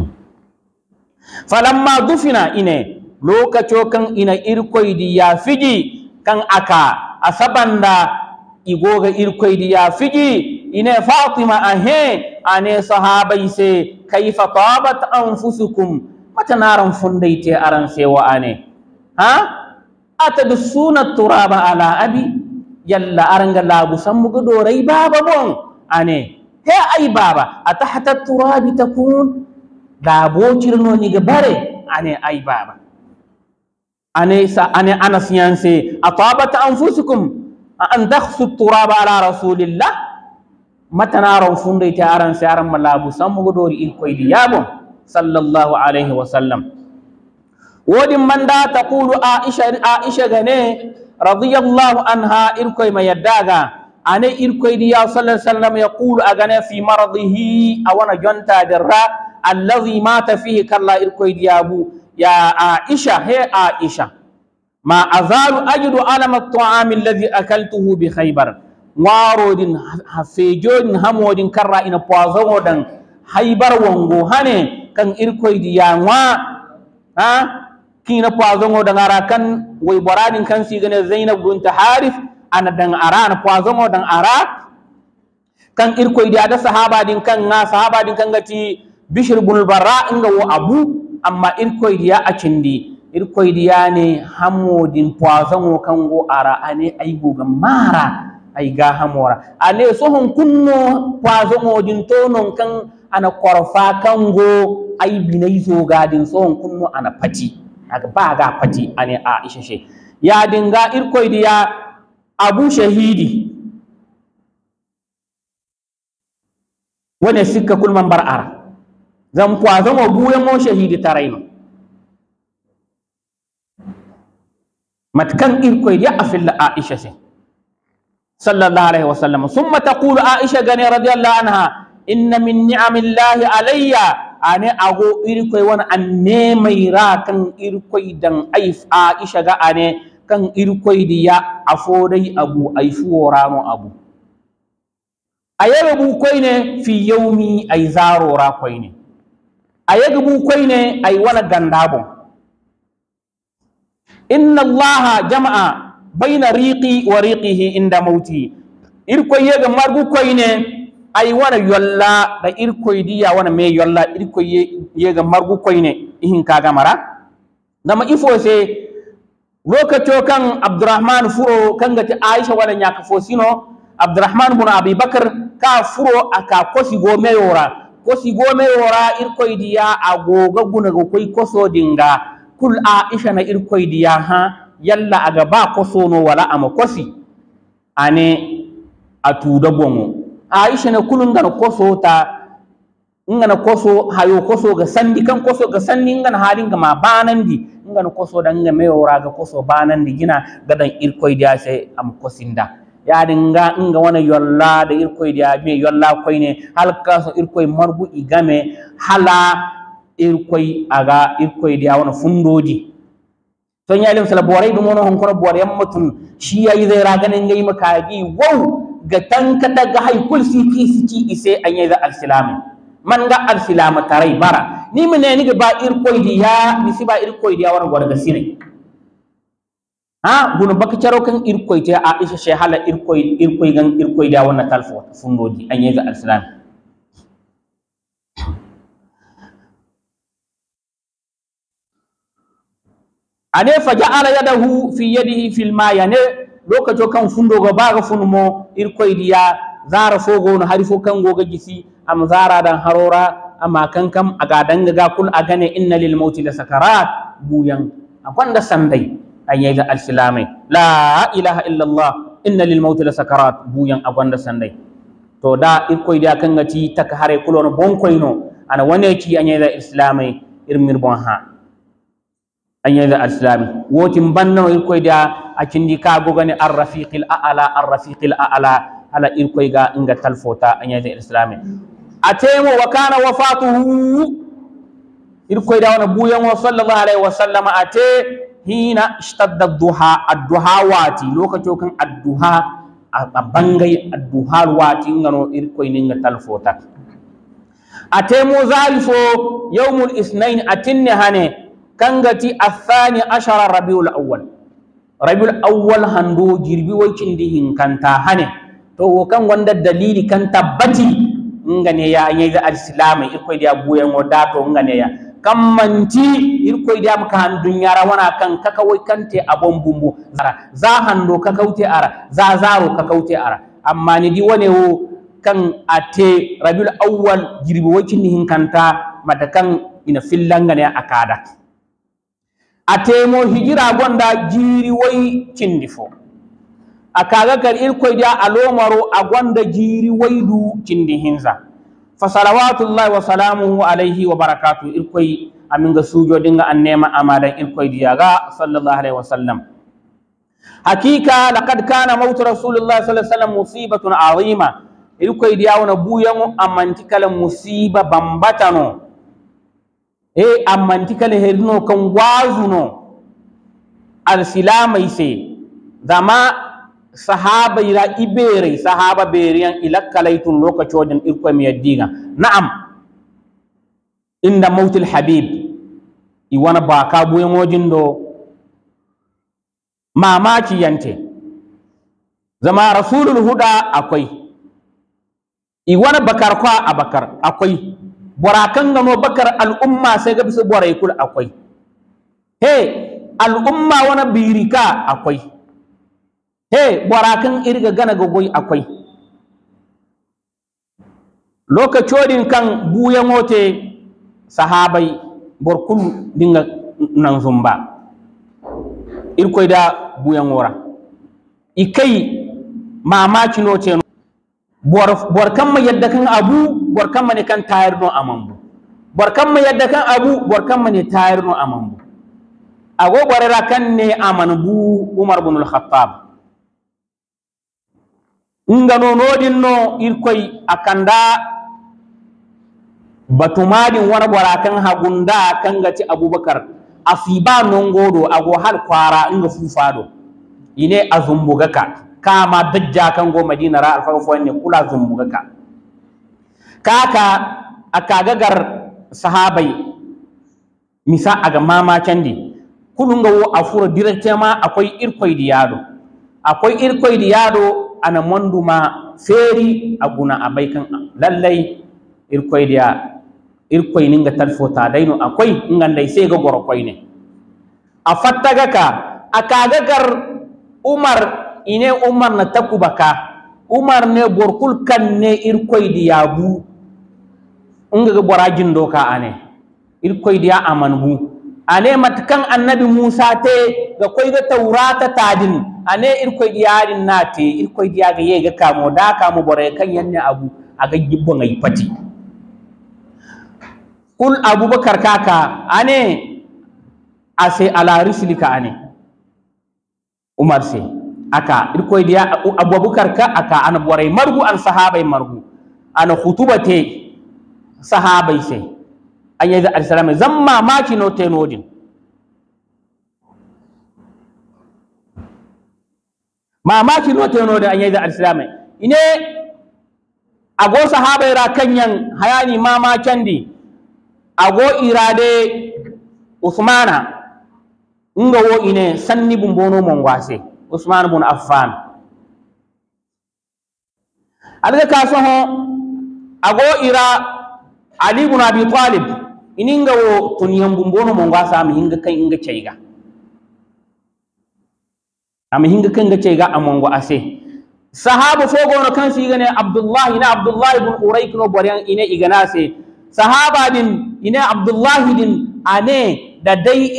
A: falamma dufina ine loka chokan ina irkoydi ya fiji kan aka asabanda igoga irkoydi ya fiji ine fatima ahe ane sahabai se kaifa tabat anfusukum matanaran te aran sewa ane ha atadusuna turaba ala abi yalla aranga labu sammugo dorai baba bon ane ya ai baba hata turabi takun labo cirno ga bare ane ai baba ane sa ane ana siyanse atabat anfusukum an dakhsu turaba ala rasulillah matanaro fundoy ta aran si aran ma laabu sammugoɗori irkoydi yaabon sallllahu alayhi wa sallam woodi manda taqulu Aisha, Aisha gane radiallahu anha irkoi irkoye ma yeddaga ane irkoydi ya sala sallam a agane fi maradihi a wani wona jontaderra allahi mata fihi kalla irkoydi yaabu ya Aisha, he Aisha? ma azalu ajidu alama taami alladi akaltuhu bi haybar warodin hafejorin hamodin karra ina poison odan haibar wango hane kan irkoidi nwa ha kina poison dan ara kan wai boradin kan sigane zainab binta harif ana dan ara ana poison odan ara kan irkoidi ada sahaba din kan na sahaba din kan gati bishir bin inga wo abu amma irkoidi ya acindi irkoidi ya ne hamodin poison o go ara ane aigo gamara mara ay ga hamora ale hon kunno kwazomojin tonon kan ana korfa kango ay binai so hon kunno ana pati aga ba ga pati ane a isheshe ya dinga irko ya abu shahidi wane sikka kulman bar ara mo buye mo shahidi tarayno matkan irko ya afilla aisha sai sallallahu alaihi wasallam summa taqulu aisha gani radiyallahu anha inna min ni'amillahi alayya ane ago irkoi wani anne mai ra kan irkoi dan aif aisha ga ane kan irkoi diya afodai abu aifu woramo abu ayagabu koi ne fi yaumi ay zarora koi ne ayagabu ne ay wala inna allaha jama'a Baina riqi wa riqihi inda mauti irkoyega margu koyne ay wana yolla da diya wana me yolla irkoyega margu koyne ihin kaga mara nama ifo se lokaco kan abdurrahman furo kangati aisha wala ñaka fosino abdurrahman bin abi bakr ka furo aka go me yora meyora diya a goga gunaga koy dinga kul Aisha na diya ha yalla aga ba kosono wala ama kosi ane atuda bongo aisha ne kulun gana koso ta ngana koso hayo koso ga sandi kan koso ga sandi ngana halin ga ma banandi ngana koso da nga meyora ga koso banandi gina gadan irkoy dia sai am kosinda yaadin nga nga wona yollaade irkoy dia me yolla koyne hal kaso irkoy marbu igame hala irkoy aga irkoy dia wani fundoji ton yalim sala borai dum wono hon kono borai yammatun shi yayi zai raganin ngai makagi wow ga tanka daga hay kul si ki si ki ise anya za al-silami man ga al-silama tarai bara ni ne ni ba ir koidi ya ni si ba ir koidi ya waran ga sine ha gunu baka caro kan ir koidi aisha shehala ir koidi ir koidi gan ir koidi ya wannan talfo fundo di anya za al-silami ane faja'ala yadahu fi yadihi fil ma yane lokaco kan fundogo baga funumo irkoydiya zara fogono hari fo kango ga gisi am zara dan harora amma kan kam aga danga ga kul agane inna lil mauti la sakarat buyan akwanda sandai ayega alsilamai la ilaha illallah inna lil mauti la sakarat buyan agwanda sandai to da diya kan ci taka hare kulono bonkoyno ana wane ci anyega islamai irmir bon ha anyeza wa wotin da irkoyda a cindi kagogani arrafiqil aala arrafiqil aala ala irkoyga inga talfota anyeza alislami atemo wa kana wafatuhu irkoyda wona buyango sallallahu alaihi wasallam ate hina ishtadda duha duha wati lokaco kan duha a bangai bangay adduhar wati ngano irkoyni nga talfota atemo zalifo yawmul isnain atinne hane kangati athani ashara rabiul awwal rabiul awwal hando jirbi wai cindi hinkanta hane to wo kan wanda dalili kan tabbati ngane ya yeza alislamu irko dia buye ngoda to ngane ya kammanti irko maka han dunyara wana kan kaka wai kante abon bumbu zara za hando kaute ara za zaro kaute ara amma ni di wane wo kan ate rabiul awal jirbi wai cindi hinkanta mata kan ina fillangane akada A temo hijira gonda jiri wai cindi fo a kaga kal da alomaro a gonda jiri waydu cindi hinza fa salawatullahi wa salamuhu alayhi wa barakatuh ga sujo dinga an nema amalan ga sallallahu alaihi wa sallam hakika laqad kana mautu sallallahu alaihi wa sallam musibatun azima irkoydiya wona wana amanti kala musiba bambatano e amanti kale herino kan wazuno silama ise zama sahaba ira ibere sahaba beriyan ilakkalaitun lokacodin irko mi yaddiga na'am inda mautil habib iwana wana baka buyan do mamaki yante zama rasulul huda akwai Iwana bakar kwa abakar akwai bora gano bakar al'umma sai ga bisa borai kul akwai he al'umma wana birika akwai he bora kan irga gana ga goyi akwai lokacodin kan buya ngote sahabai borkun dinga nan zumba irkoy da buya ngora ikai mamaki no ce bor kan yadda kan abu borkan mane kan tayarno amambu borkan yadda kan abu borkan mane tayarno amambu ago borera kan ne amanbu umar bin al-khattab ngano no irkoi akanda batumadin war gwara kan hagunda kan gati abubakar asiba nongodo ago har kwara inga fufado ine azumbugaka kama dajja kan go madina ra ne kula zumbugaka kaka a kagagar sahabai misa aga kudin candi a wo direkta ma akwai irkwai da yado akwai irkwai da yado na Manduma, feri a guna a baikan lallai irkoy dia irkoy ninga talfota daino akwai dai sai ga goro ne a fattaga a kagagar umar ine umar na takubaka umar ne borkul kan ne irkwai da yabu nga jin doka ane irkoy dia amanhu ane matkan annabi musa te ga koy ga taurata tadin ane irkoy diyarin nate irkoy ya ga yega kamo da kamo ya kan yanne abu aga gibbo ngai pati kul abubakar kaka ane ase ala rislika ane umar se aka irkoy diya abubakar ka aka an bore margu an sahabai margu ana khutubate sahabai sai an yi mai, zan mamaki no taimodin mamaki no taimodin an yi alisalama ine ago sahabai ra kanyan hayani mamakin di ago irade usmana nga wo ine sanni bumbono mongwase usman bun affan alga kaso ho ago ira ali ibn abi talib ininga wo kuniyan bumbono mo ngasa am hinga kan inga cheiga am hinga kan inga cheiga amongo ase sahaba fogono kan si ne abdullah ina abdullah ibn urayk no boryan ina igana se sahaba din ina abdullah din ane da dai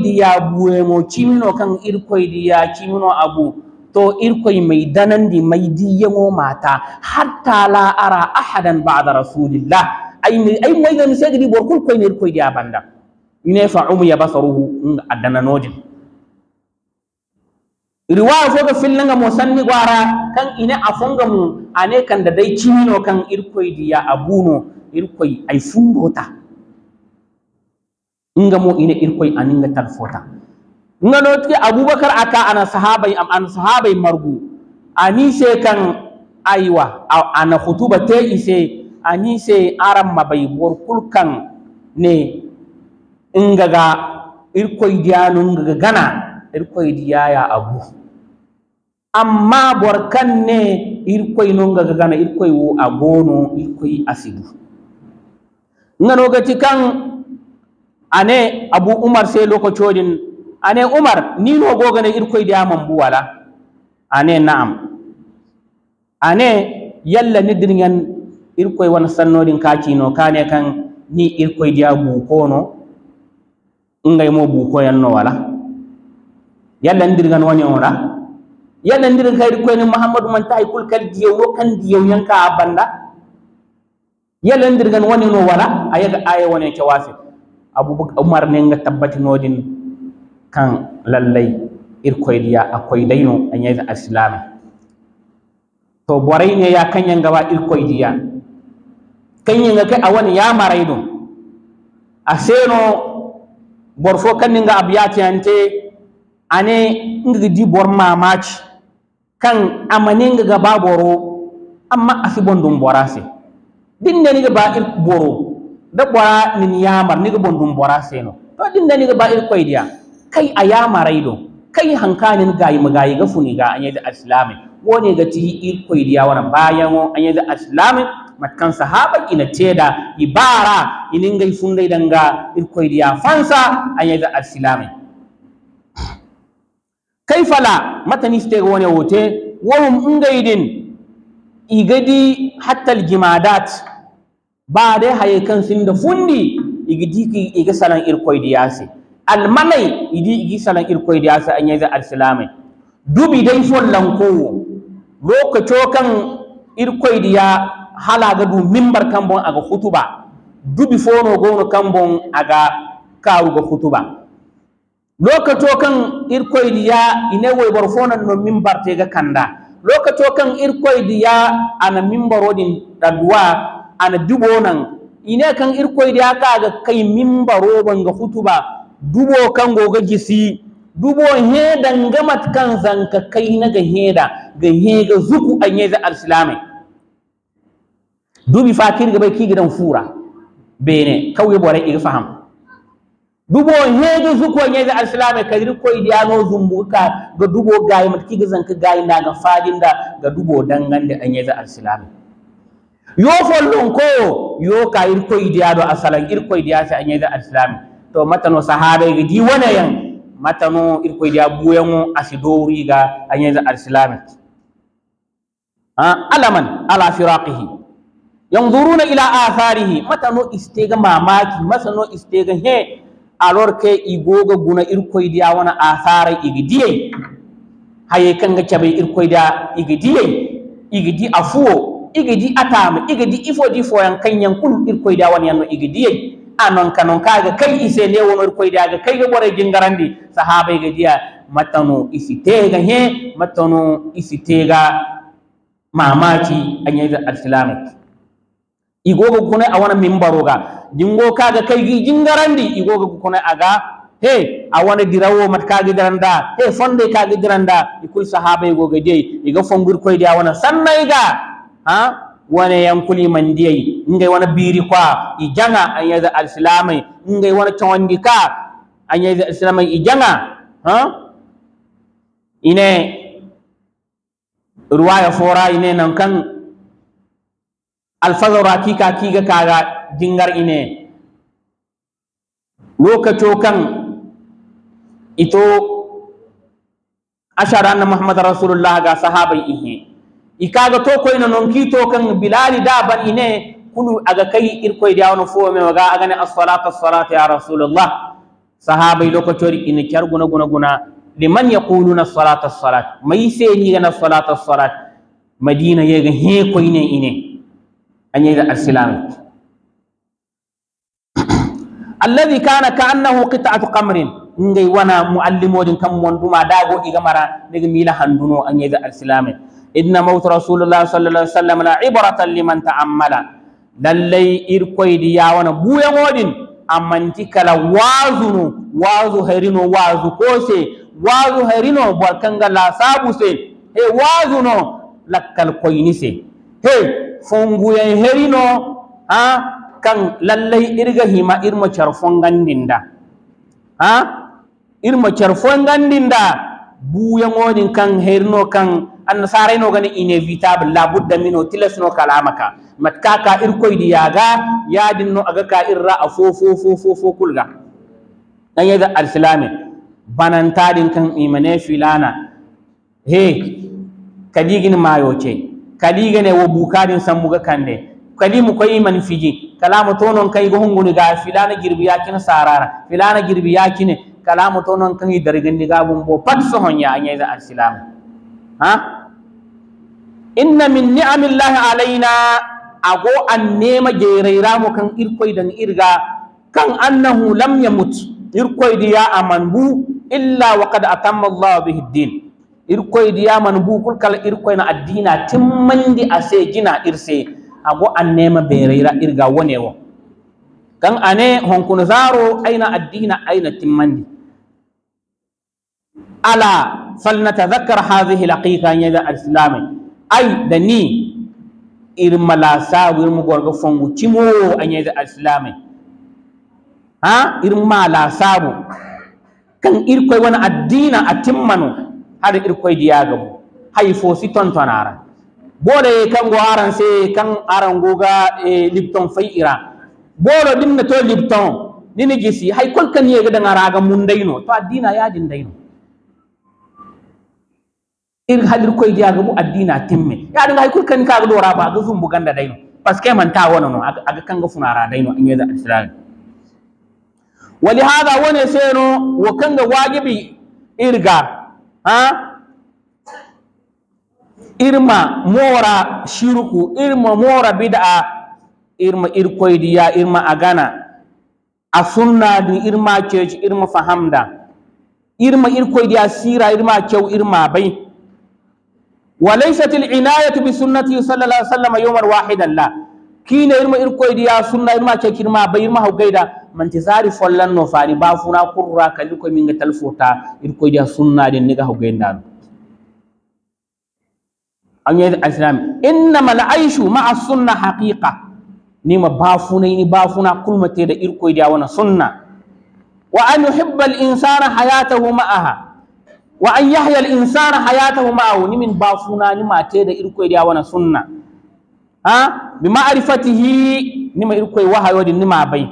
A: diya ya mo chimino kan irkoi ya chimino abu to irkoi mai danandi mai diyango mata hatta la ara ahadan ba'da rasulillah ay moy ngam segi bor kul koy ner koy dia banda ine fa ya basaruhu adana nojin riwaya fil nga mo sanni gwara kan ine afonga mu ane kan da dai chimino kan koy dia abuno koy ay fundota nga mo ine irkoy aninga talfota nga no tike abubakar aka ana sahabai am an sahabai margu ani se kan aiwa ana khutuba te ise ani se aram mabai bor kulkan ne ingaga irkoy diyanu ga gana irkoy ya abu amma bor kan ne irkoy no ga gana irkoy wo agono irkoy asibu ngano gati kan ane abu umar sai lokacodin ane umar ni no gogane irkoy bu wala ane na'am ane yalla ni wani wona sannoɗin ka kane kan ni irkoy diya buukono ngay mo no wala yalla ndirgan woni oɗa yalla ndiran ka irkoyni mahamadou man tahay kul kal diyew wo kan diyew yanka a banda yalla ndirgan wani no wala ayaga aya wone cewafe abubakar umar ne nga tabbatinoɗin kan lallay irkoy diya a koydayno a ñayta asilamé to borai ne ya kaña ngawa irkoi diya a wani ya marai ɗum a seno bor fo kanniga a ne ingi di bor mamaci kan ga ba boro amma asi bora ɗum din dinne niga ba ir boro da bora nin yamar niga bon ɗum bora no to dinne niga ba ir koydiya kai a marai don kai hankalin gayi magayi ga funi ga anye da aslami wone ga ti ir koydiya wana bayan o anye da aslamin matkan sahaba ina teda ibara iningai funde danga irkoy dia fansa ayaga arsilame kaifala matani ste woni wote wahum ingaidin igadi hatta aljimadat ba dai haye kan sin da fundi igidi ki iga salan irkoy dia se almanai idi igi salan irkoy dia se ayaga arsilame dubi dai follan ko lokaco kan irkoy Hala ga du mimbar kambon aga hutuba dubi fono gono kambon aga ga hutuba lokato kan irkoydi ya ine bar fono no ga kanda lokato kan irkoydi ya ana mimbarodin ɗaduwa ana dubo nan ine kan irkoydi ya ga kai mimbaro ga hutuba dubo kan ga gisi dubo heda gamat kan zanka kai na ga heda ga hega zuku anyeza al alsilamai dubi fa kirga bai gidan fura bene kauye bore iri faham dubo hedo zuko ne za alsalama kadir ko idiyano zumbuka ga dubo gayi mutki ga zanka gayi da ga fadin da ga dubo dangan da anye za alsalama yo follon ko yo ka ir ko idiyado asalan ir ko idiyasa anye za alsalama to matano sahabai ga di wana yan matano ir ko idiya buyan asidori ga anye za ha alaman ala firaqihi yanzuruna ila atharihi matano istega mamaki masano istega he alor ke igoga guna irkoy dia wana athara igidiyai haye kanga chabe irkoy da igidiyai igidi afuo igidi atama igidi ifo di fo kanyan kul irkoy da wana yanno igidiyai anon kanon kaga kai ise ne wono irkoy da kai ga bore jingarandi sahabai ga dia matano isitega he matano isitega mamaki anyaza alislamu a wani awana mimbaroga jingo kaga kaygi jingarandi igoga kuna aga he awana dirawo mat kaga diranda he fonde kaga diranda ikul sahaba igogo dai iga fongur koy dia sannai ga ha wana yankuli mandiyai ngai wana biri kwa ijanga anyaza alislamai ngai wana tawandika anyaza islamai ijanga ha ine ruwaya fora ine nan kan alfazara kika kiga kaga jingar ine lokaco kan ito ashara na muhammad rasulullah ga sahabai ihe ikaga to koyna non kito kan bilali ban ine kulu aga kai irkoi da wono fo me waga aga ne as-salatu as-salatu ya rasulullah sahabai lokatori ina kyar guna guna guna liman yaquluna as-salatu as-salatu mai sai ni ga as-salatu as-salatu madina ga he ne ine an da asilam alladhi kana ka'annahu qita'atu qamrin ngay wana muallimodin kam dago mila handuno da inna maut rasulullah sallallahu alaihi wasallam la ibratan liman ta'ammala lallai irkoydi yawana buyaŋodin amanti kala wazunu wazu wazu kose wazu herino barkanga la he wazuno lakkal koyni se he fonguyen herino ha kan lallai irga hima irma charfon gandinda ha irma charfon gandinda buya ngodin kan herino kan annasara ino gani inevitable labudda mino tilasno kalamaka mat kaka irkoydi yaga yadinno aga ka irra a fo fo fo fo kulga dan yaga banan banantadin kan imane filana he kadigin mayo Kali kaligene wo bukarin sammuga kande kalimu ko iman fiji kalamu to non kay go hunguni ga filana girbi yakin sarara filana girbi yakine kalamu to non kan dargandi ga bumbo pat so honya anya za alislam ha inna min ni'amillahi alaina ago an nema jereira mu kan irkoi dan irga kan annahu lam yamut irkoi diya amanbu illa waqad atamma Allah bihi din irkoy diyaman bukul kal irkoy na addina timmandi ase jina irse ago annema bereira irga wonewo kan ane honkun zaro aina addina aina timmandi ala falnatadhakkar hadhihi ya da islam ay da ni irma la sabu irma gorga fongu timo a ñeda alislame ha irma la sabu kan irkoy wona addina a timmano har irkoydiyagamu hay fo si tontonara bole go aran se kan aran goga e lipton fay ira din na to lipton nini gisi hay kol kan yega da mun mundaino to addina ya dindaino ir halir koy diaga mu addina timme ya dinga hay kol kan ka do raba ga zumbu ganda daino paske man ta wono no aga ga funara daino in da islam wali hada wone wa wo kanga wajibi irga ha irma mora shirku irma mora bid'a irma irkoidiya irma agana a sunna du irma ceci irma fahamda irma irkoidiya sira irma kyau irma bai وليست العناية بسنته صلى الله عليه وسلم يوما واحدا لا kine irma dia sunna irma cekirma ba irma hawgayda manti follan no fani funa kurra kali ko minga talfota sunna sunnaɗen niga anya islam inna innama l ma as sunna haqiqa funa kulmate da irkoi dia wana sunna wa an yuhibba al insana hayatahu ma'aha wa an yahya al insana hayatahu ma'ahu nimin bafuna irkoi dia wana sunna ha bi ma'rifatihi nima irkoi wahayo di nima bai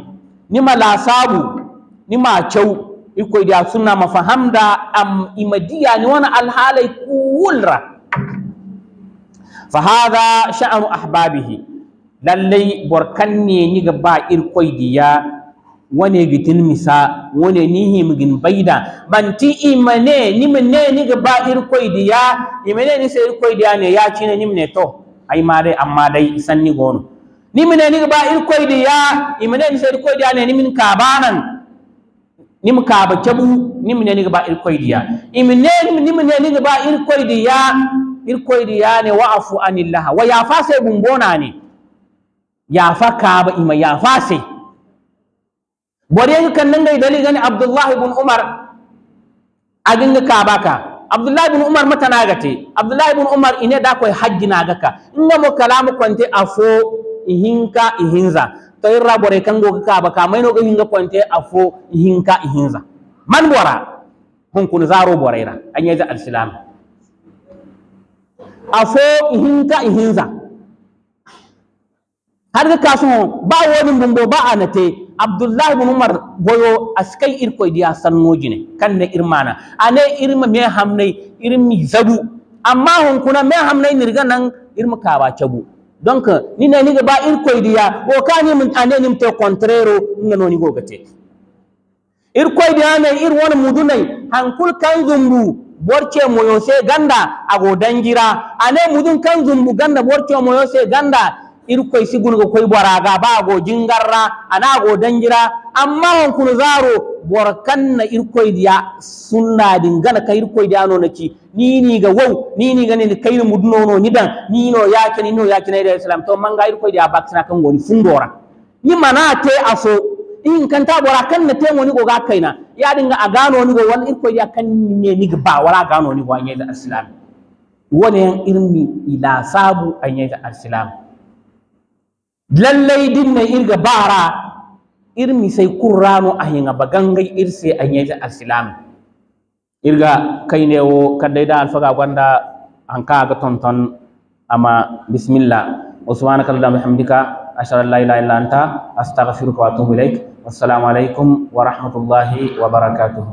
A: nima lasabu nima chau irkoi dia sunna mafahamda am imadiya ni wana alhalai kulra fa hadha sha'nu ahbabihi lallai borkanne ni ga ba irkoi diya wane gitin misa wane nihi mugin baida banti imane ne ni ga ba irkoi diya imane ni sai irkoi diya ne ya cine nimne to Ai ma dai, amma day sanni mi ne ni ba irkoyde ya ne ni ya ne, ni min ka ba nan, ni mi ka ba ni ni ne ba irkoyde ya ni mi ne ni ba irkoyde ya ya ne wa afu anillaha wa ya ne ya fa ka ba kaba ima yafa sey bore kan nangay dali gani abdullah ibn umar ka ba ka? abdullahi bin umar matanagate abdullahi bin umar ine da gaka. hajjinagaka ngamo kalamu kwante afo ihinka ihinza toyin rabore kango kaba kamayno go hinga konte afo ihinka ihinza man bora hunkun zaro borera anyeza alislam afo ihinka ihinza har ga kasu ba wani bumbo ba anate Abdullahi ibn umar goyo askai irko dia sannojine kanne irmana ane irma me hamne irmi zabu amma hun kuna me hamne nirga nan irma kaba cabu donc ni ne ni ba irko dia o kani mun ane nim te contraire ngano ni gogate irko diya ne ir wona mudunai hankul kan zumbu borce moyo se ganda ago dangira ane mudun kan zumbu ganda borce moyo se ganda irkoy sigulgo koy boraga bago jingarra anago dangira, amma wonkunu zaro bor kanna irkoy diya sunna dingana gana ka irkoi diya no naki nini ga wow nini ga ni kayno mudnono nidan nino yake nino yake na islam to manga irkoy diya baksina kan goni fundora ni te aso in kan ta bora kan na te woni go ga kaina ya dinga a gano ni go wani irkoi diya kan ne ni ba wala gano ni go anye da islam wani yan irmi ila sabu anye da islam lallai din ne irga bara irmi sai kurrano ahin ga bagangai irse anyeje alsilam irga kainewo kadaida alfaga gwanda anka ga tonton ama bismillah subhanaka allahumma hamdika ashhadu an la ilaha illa anta astaghfiruka wa atubu ilaik wassalamu alaikum
B: warahmatullahi wabarakatuh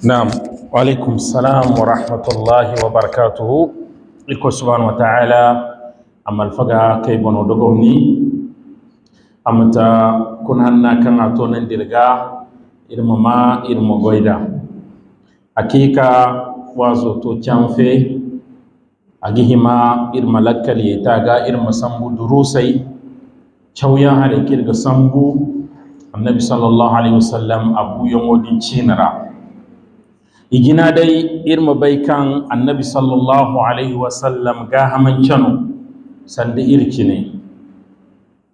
B: Naam, wa alaikum salam wa rahmatullahi wa barakatuhu. Iko subhanahu wa ta'ala amalfaga kai bono dogoni amata kun hanna kan atonan dirga irma ma irma goida hakika wazo to chanfe agihima irma lakkal taga irma sambu durusai chawya hare kirga sambu annabi sallallahu alaihi wasallam abu yomodin cinara igina dai irma bai kan annabi sallallahu alaihi wasallam ga haman cano sanda irki ne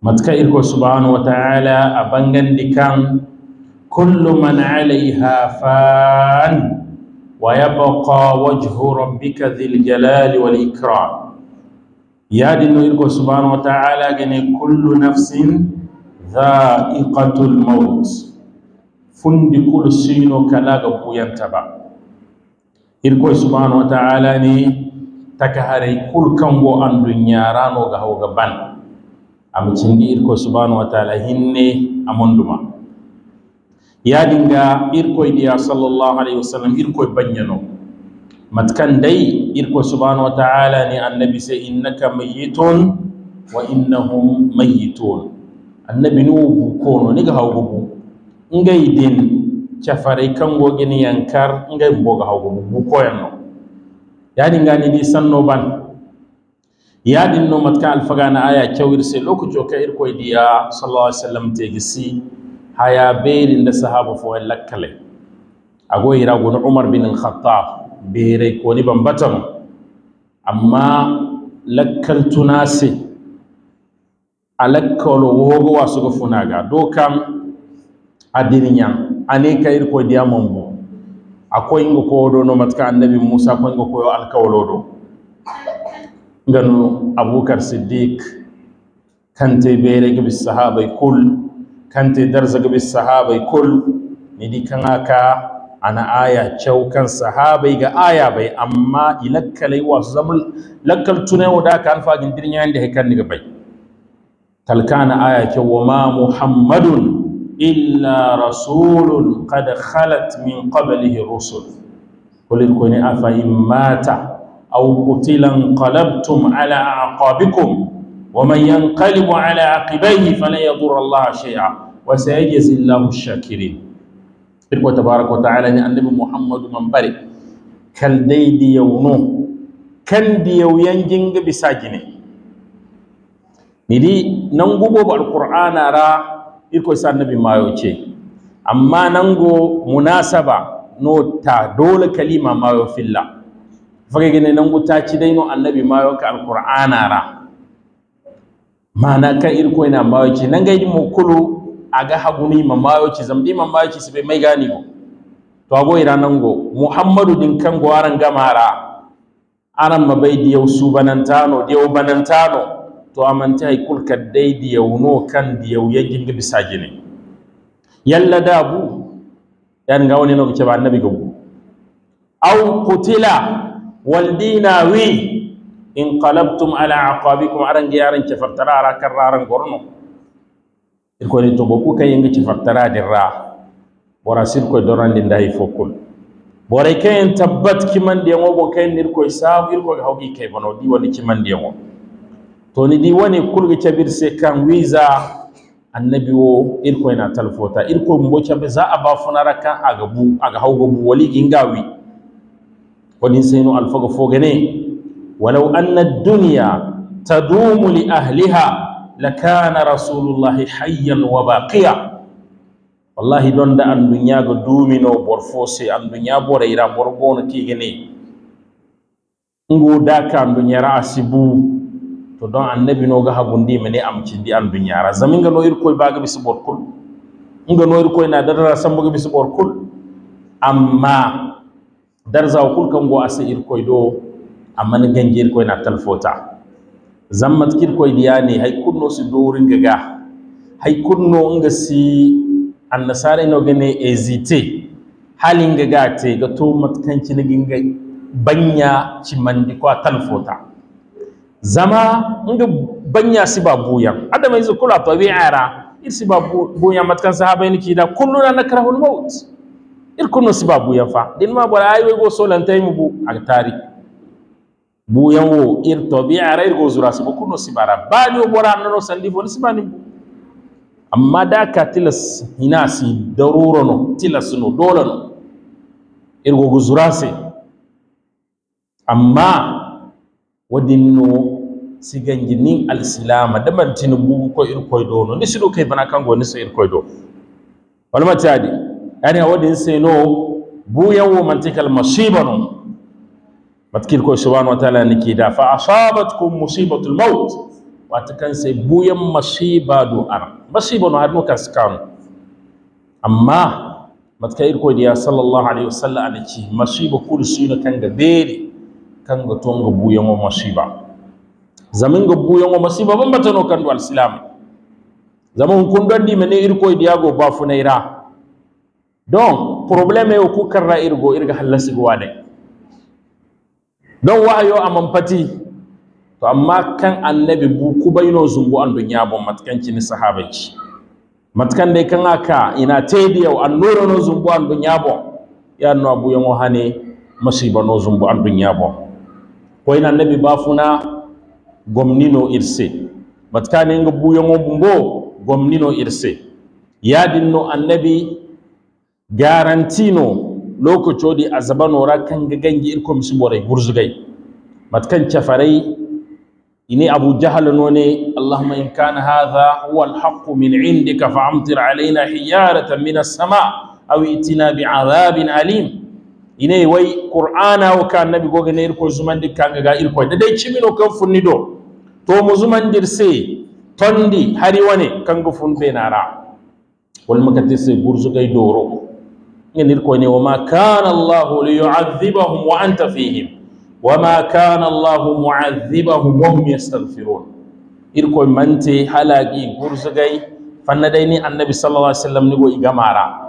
B: matka irko subhanahu wa ta'ala a bangan dikan kullu man alaiha fan wa yabqa wajhu rabbika dhil jalali wal ikram yadino irko subhanahu wa ta'ala gane kullu nafsin dha'iqatul maut fundi kulu sino ga kuyanta ba Irko subhanahu wa ta'ala ni taka haray kul kango andu rano ga gaban. ban am cindi irko subhanahu wa ta'ala hinne amonduma yadinga irkoy diya sallallahu alaihi wasallam irkoy banyano matkan dai irko subhanahu wa ta'ala annabi sai innaka mayyitun wa innahum mayyitun annabi nu bu kono ni ga hau gubu ngai din kan kango gini yankar ngay mboga hawgo bu koyanno yadi ngani ni sanno ban yadin no matka na aya kyawir sai lokaci ka irko diya sallallahu alaihi wasallam te gisi haya berin da sahaba fo lakale ago ira no umar bin khattab bere ko ni amma lakkal tunasi alakkalo wogo wasu funaga do kam adirinya ani yi ko diya mambo akoy ngo ko do no matka annabi musa ko ngo ko alkawlo do ngano abubakar siddiq kante bere gibi sahabai kul kante darza gibi sahabai kul ni di kan aka ana aya cew kan sahabai ga aya bai amma ilakkalai wasu zamul lakkal tunai wa da ka alfa gindirin yayin da hekar ni ga bai kalkana aya wa ma muhammadun إلا رسول قد خلت من قبله الرسل قل إن أفهم مات أو قتلا قلبتم على أعقابكم ومن ينقلب على عقبيه فلا يضر الله شيئا وسيجزي الله الشاكرين إخوة تبارك وتعالى أن النبي محمد من بري كالديد يونو كان ديو ينجنج بساجني ندي ننقبوا بالقرآن رأى irko isa annabi mayo ce amma nango munasaba no ta dole kalima mayo filla fage gine go ta ci dai no annabi mayo ka alqur'ana ra mana kan irko ina mayo ce nan gaidi mu kulu aga haguni ma mayo ce zamdi ma mayo ce sibe mai gani go to ago ira nango muhammadu din kan gwaran gamara aran mabaidi yau su banantano yau banantano to amanta ay kul kadday diyaw no kan diyaw bisa jini. yalla da bu. yan ga wani no ba annabi gabu aw qutila wal wi in qalabtum ala aqabikum aran giyaran ce fartara ara karraran gorno irko ni to boku kay yanga ce fartara dirra wara sirko doran din dai fokul boray kayen tabbat kiman diyango bo kayen irko isabu irko hawgi kay bano di wani kiman diyango to ni di wani kulge cabir se kan wiza annabi wo irko ina talfota irko mbo cabe za a ba funara kan gabu a ga hawo bu wali gingawi wani seno alfaga ne. walau anna dunya tadumu li ahliha lakana rasulullahi hayyan wa baqiya wallahi don da an ga dumino borfo se an ira borgo ne ki kiigene ngu da kan duñera a to don annabi no ga di mene di an duñara zamin ga noyir koy baga bisu siɓor kul nga noyir koy na dadara samboga ɓi siɓor kul amma darzaw kul kam go asa ir do ɗo amma ne ganjir koy na talfota zammat kir koye diyani hay kunno si dowringa ga hay kunno nga si annasara ino gane hésité halin ga ga te ga to matkanci niginga banya mandi ko a talfota zama inda banya ba buya adama yanzu kula tabi'ara ir ba buya matkan sahabain da kulluna nakrahu al-maut ir si ba buya fa din ma bora ayi go solan mu bu tari buya wo ir tabi'ara ir go zura si bara ba bani bora nano sandi fo ba ni amma da ka tilas hinasi daruro no tilas no dole ir go zura si amma wadinno siganji nin alsilama daman tinubu ko irkoydo no ni sido kay bana kango ni so irkoydo walma tadi yani wadin seno bu yawo mantikal masibanu matkil ko subhanahu wa ta'ala niki da fa asabatkum musibatul maut takan sai buyan masiba do ar masiba no kaskan amma amma matkay irkoydiya sallallahu alaihi wasallam anci masiba kursi kan kanga beri kanga ba ban masiba zaminga buyango masiba bambatano kandu alislamu don hunkundondi ne irko idiyago bafunaira donc problème yo ku karra irgo irga guwa ne. don wahayo a pati to amma kan annabi bu zungu zumbu dunya ñabon matakanci ni sahabanci Matakan dai kan aka ina taidi yau, an norono zumbu andu ya yanno a buyan hane masiba no zumbu dunya ñabon koyna nabi bafuna gomnino irse batkane nga buyoŋo ngo gomnino irse yadinno annabi garantino lokaco di azabanora kanga ganji irko misiboray gurzugay matkan cafaray ini abu jahal none allahuma in kana hadha huwa alhaqu min indika faamtir alaina hiyaratan min sama aw itina biadhabin alim ine way qur'ana o ka annabi goga ne irko zumandir kanga ga irko da dai cimino kan funnido to mu zumandir dirse tondi hari wane kanga funbe nara wal makati se burzu gay doro ngin irko ne wa ma kana allah li yu'adhibahum wa anta fihim wa ma kana allah mu'adhibahum wa hum yastaghfirun irko mante halagi burzu gay fanna dai ni annabi sallallahu alaihi wasallam ni go igamara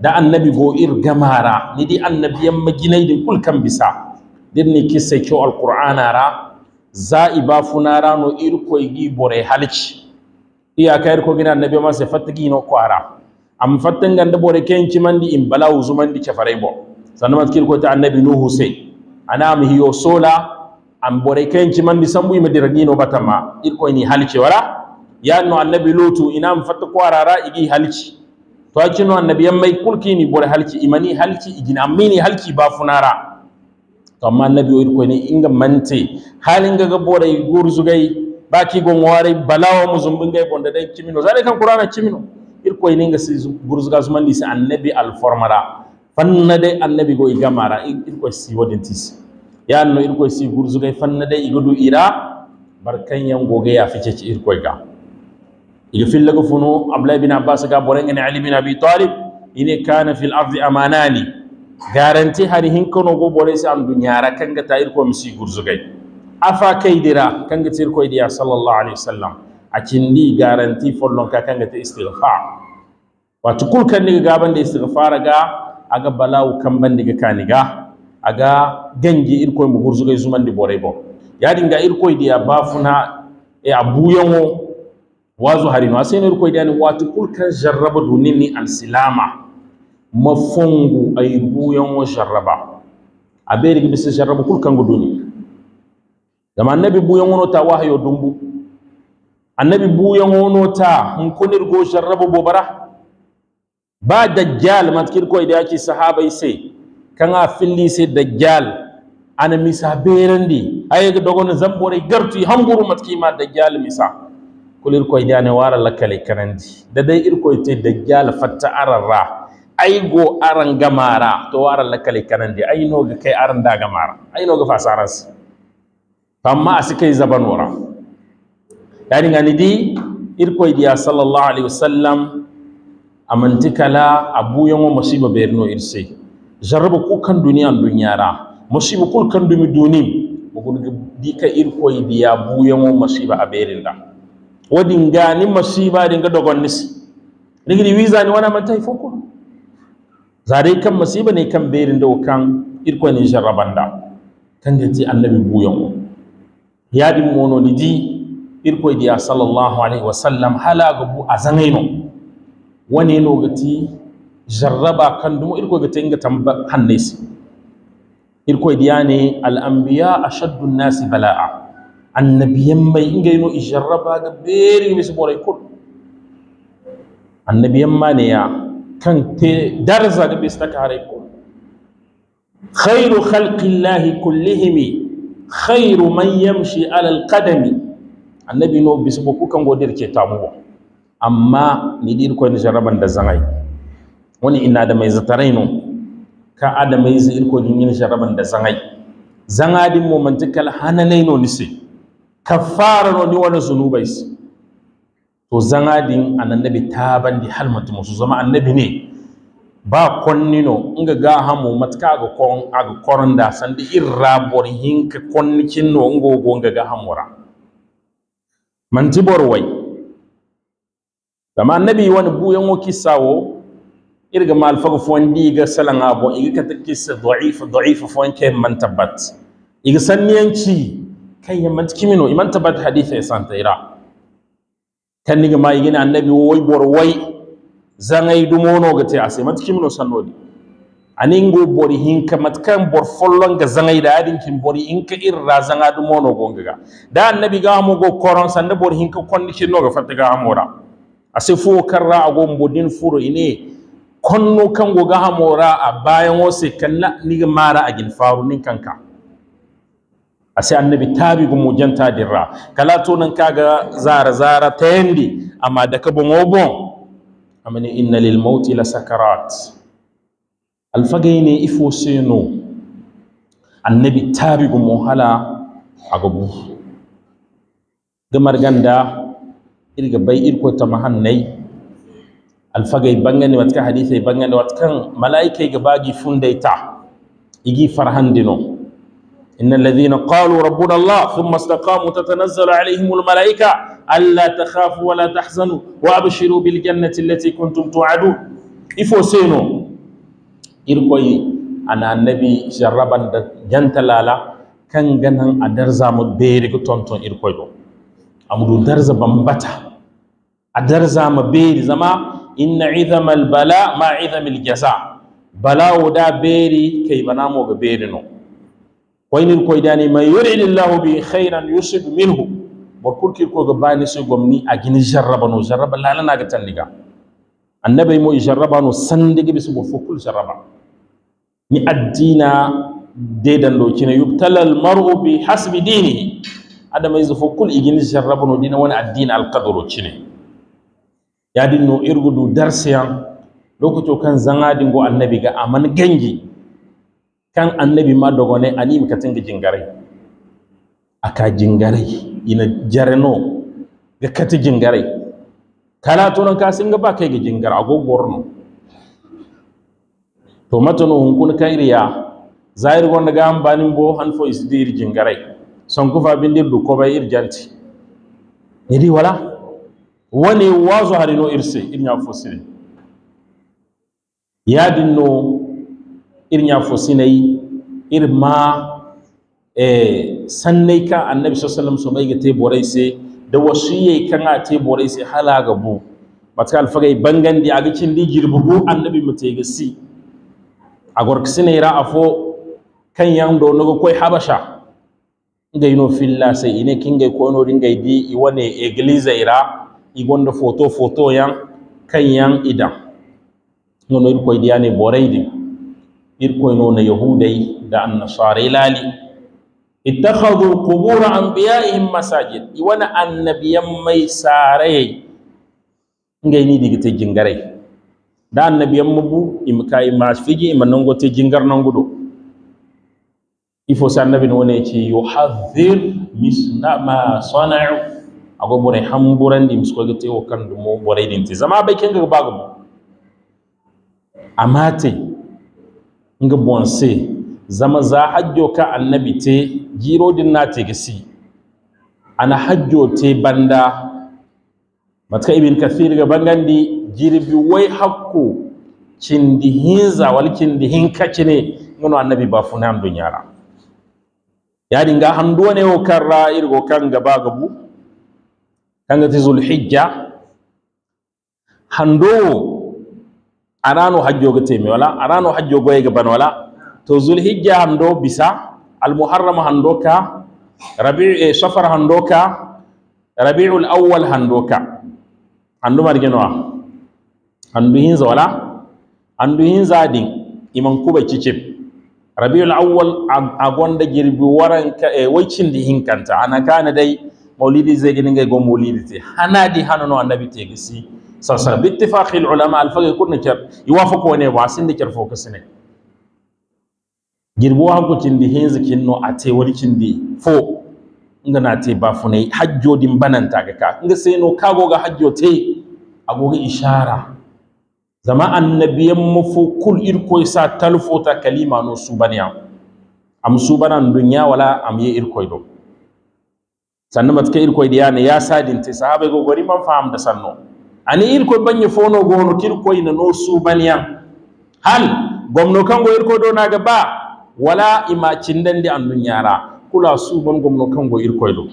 B: da annabi bo'ir gamara ni di annabi yan maginai din kulkan bisa din ni kisse kyo alqur'ana ra funa ra no irko igi bore halci iya kayar ko gina annabi ma sai fattaki no ara am fattan ganda bore ci mandi in bala wuzu mandi ke farai bo sannan matkir ko ta annabi nuhu sai mi yo sola am bore ci mandi sambu ni no batama irko ni halci wala ya no annabi lutu inam ko ara ra igi halci to accino mai kulki ni bore halki imani halki igina amini halki funara. to amma annabi o ne inga mante haalingaga boray gursugay baki gon waray balawa mo zumbingay bonda dai cimino zare kan qur'ana cimino irkoyne inga si gursuga sumandi si annabi alformara fanna day annabi go igamara irkoy si ya yanno irko si gursugay fanna dai igudu ira barkan yan goge ya ci irko ga igafin laga funo ablaibin abbas ga boren ina ali bin abi talib ine kana fil ardi amanani garanti hari hin kono go bore si am dunyara kanga tayir ko misi gurzugai afa kay dira kanga tir ko idiya sallallahu alaihi wasallam akindi garanti follon ka kanga ta istighfar wa tukul kan ni gaban da istighfar ga aga balawu kan bandi kaniga aga genji irko mu gurzugai zuman di bore bo yadin ga irko idiya bafuna e abuyan wazu harino asai ne idani watu wato kulkan jarraba dunini an silama mafungu ay buyan wa jarraba aberi rigi bisa jarraba kulkan kan guduni dama annabi buyan wono ta wahayo dumbu annabi buyan wono ta hun kunir go jarraba bobara ba dajjal matkir ko idan ki sahabai sai kan a filli sai dajjal ana misa berandi ayi dogon zambore gartu hanguru matki ma dajjal misa kulir koy jane wara la kale kanandi da dai ir koy te dajjal fatta ararra ay go aran gamara to wara la kale kanandi ay no ga kai aran da gamara ay no ga fasaran si amma asikai zaban wara yani ngani di ir koy dia sallallahu alaihi wasallam amantikala abu yango musiba berno irse jarabu ku kan duniya dunyara musibu kul kan dumi dunim bugun di ka ir koy dia bu yango musiba aberinda wadinga ni masiba dinga dogon nisi digiri visa ni wana mantai foko zare kan masiba ne kan berin da kan irko ni jarabanda kan da ji annabi buyon ya din mono ni irkwai irko diya sallallahu alaihi wasallam hala a azangaino wani no lokaci jarraba kan dumo irko gati inga tamba hannesi irko diya ne al'ambiya a shaddun nasi bala'a annabiyan mai inga yi annabiyamma ingayno i jarrabaga beeri ɓe annabiyan ma ne ya kan te darza bai darsaga ɓe sitaka haray kul khayru halqillahi kullihimi khairu man yamshi alal alqadami annabi no bisibo ku kango dir ke tamuwa amma ni dir koyno jarraban da zangai wani ina da may zataray no ka ada zai zir ko jinyin jarraban da zangay zangadin mo mantikal hananay no ni se no ni wani zunubai to zanga din annabi ta bandi hal mutum su zama annabi ne ba konnino in ga hamu matka ga kon aga koron da san di irra bor hinka konnikin no ngo go nga ga hamura man wai dama annabi wani buyan woki sawo irga mal faga fondi ga salanga bo iga kata kissa dha'ifa fon ke man tabbat iga sanniyanci kan cikin mino, iman hadisi ya e santaira kan niga mai gina annabi woy bor woy zangay dumono gate ase cikin mino sanodi aningo bori hinka matkan bor follon ga zangay da adin kin bori inka irra dumo dumono gonga da annabi ga mu go koron da bor hinka konni kin no ga fataga amora ase fu karra agon mbodin furo ine konno kan go ga amora a bayan wose kan niga mara agin faru nin kanka A sai annabi ta bi gumu janta dirra kala nan kaga zara zara tayandi amma da ka kabo obon amani inna lil mauti la sakarat alfagaine ifo no, annabi ta bi gumu hala agabu gamar ganda irga bai irko ta mahannai alfagai bangane watkan hadisai bangane watkan mala'ikai ga bagi fundaita igi farhandino إن الذين قالوا ربنا الله ثم استقاموا تتنزل عليهم الملائكة ألا تخافوا ولا تحزنوا وأبشروا بالجنة التي كنتم توعدون إفو سينو إرقوي أنا النبي جربا جنتلالا كان جنان أدرزا مبيرك تونتون إرقوي دو أمدو درزا بمبتا أدرزا مبيري زما إن عظم البلاء ما عظم الجزاء بلاو دا بيري كي بنامو بيري نو koynin koydani man yuridillahu bi khayran yusib minhu kurki ko ga bani so gomni agini jarrabano jarraba lalanaga tanniga annabi mo jarrabano sandigi bisu bo fokul jarraba ni addina dedando cine yubtalal almaru bi hasbi dinihi adama izo fokul igini jarrabano dina wani addina alqadro ya dinno irgudu darsiyan lokaco kan zangadingo annabi ga aman gangi kan annabi ma dogone ani mi katinga jingarai aka jingare? ina jarno ga kati jingare? kala tonon ka singa ba kai ga jingar agogorno to matano hun kun riya zair gonda ga ambanin bo hanfo isdir jingarai son kufa bindir du koba janti nidi wala wani wazo harino irse irnya fosire yadin irin ya yi irin ma eh, sannai kan annabi sallallahu su mai ga teburai sai da wasu yi kan a teburai sai hala gabu matuka alfagai bangan di aga kin digirbugu, girbugu mutai ga si a gorksine ra ra'afo kan yan do ga kai habasha ngay no filla sai ine kinga ko no yi di wane egliza ira igonda foto foto yan kan yan idan nono koy ne, borai din na Yahudai da annasara ilali ittakhadhu qubur anbiyaihim masajid iwana annabiyan saraye ngai ni digi te jingare da annabiyan mabu, imkai masfiji ka fiji te jingar nangudo ifo il faut so annabi no wone ci yuhadir misna ma sanau ago hamburan hamburandi miskoge te wo kandu mo ɓoray ɗin te zama ɓay kengaga bago mo amate nga bonse zama za hajjo ka annabi te din na te gisi ana hajjo te banda matka ibn kathir ga bangandi bi wai hakku cindi hinza wal cindi hinka cine ngono annabi ba funan dunyara yadi nga handuwa ne o karra irgo kan gaba gabu Kan ga tizul hijja? handowo anano ga teme wala anano hajjo ga ban wala to zulhijja hando bisa almuharram hando ka rabiu e safar hando ka rabiul awwal hando ka andu margenowa andu hin wala andu hin zadi iman kuba cicib rabiul awwal agonda jirbi girbi waranka e eh, hin kanta ana na dai maulidi zegini ngay go maulidi te hanadi hanono annabi tegisi sasa bittifaqi ulama alfage kunna cer iwafako ne wa sinde cer ne kasine girbo hanko cindi henzi kinno te wali cindi fo Inga na te ba funai hajjo din bananta ga ka nga no kago ga hajjo te agoga ishara zama annabiyan fu kul irko isa talfota kalima no subaniya am subanan dunya wala am ye irko do sannan matka irko da ne ya sadin te sahabai go gori man faham da sanno ani ko banye fono gono ko ina no su subaniya hal gomno kango irko do naga ba wala ima cindandi annun yara kula suban gomno kango irko do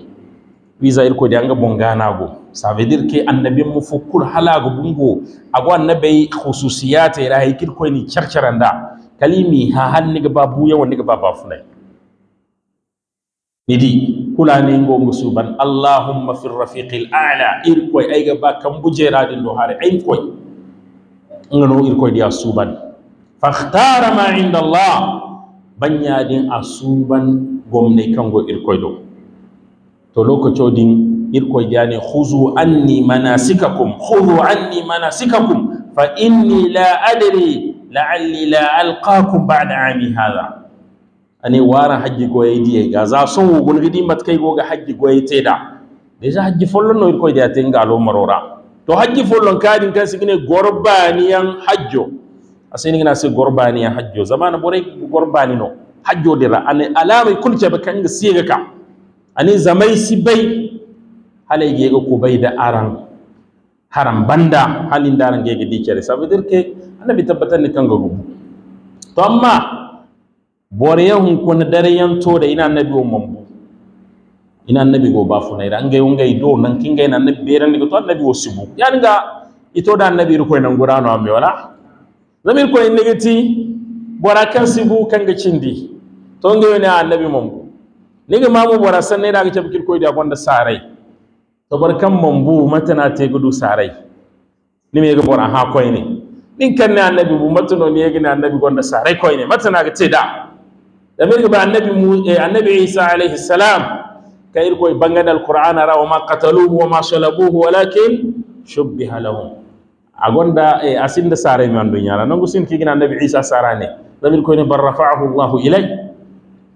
B: visa irko de anga bongana go sa veut dire que annabi mu fukul halago bungo ago annabi khususiyate ra hikir ko ni charcharanda kalimi ha hanniga babu yawan ga baba midi kulani ngo musuban allahumma fir rafiqil a'la irkoy ay ga bakam bujeraden do hare ay koy ngano irkoy dia suban fakhtara ma inda allah banyadin asuban gomne kango irkoy do to lokacodin irkoy diane khuzu anni manasikakum khuzu anni manasikakum fa inni la adri la'alli la alqakum ba'da 'ami hadha ane wara hajji goye diye ga za so gun gidi mat kai go ga hajji goye teda za haji follo no ko dia tenga lo marora to hajji follon kadin kan sigine gorbaniyan hajjo asini gina se gorbaniyan hajjo zamana bore gorbani no hajjo dira ane alamai kulce ba kan siga ka ane zamai si bai halai ge ko bai da aran haram banda halin daran ge ge dikere sabidir ke annabi tabbatar ne kan ga rubu to amma bore yau ko na dare yan to da ina nabi o mambu. ina nabi go ba funa ira ngai ngai do nan kingai na nabi beran ni to nabi o sibu yan ga ito da nabi ko nan gurano amme wala zamir ko in negati bora kan sibu kan ga cindi to ngai ne annabi Ni ga mamu bora san ne da ga tabkir ko da gonda sarai to barkan mambu matana te gudu sarai ni me ga bora ha koy ne din kan ne annabi bu matuno ne ga annabi gonda sarai koy ne matana ga te da damir ba annabi eh, annabi isa alaihi salam kayir koy bangan alqur'ana ra wa ma qataluhu wa ma shalabuhu, walakin shubbiha lahum agonda eh, asinda sare mi andu nyara nangu sin kigina annabi isa sarane damir koy ne barrafa'ahu allah ilay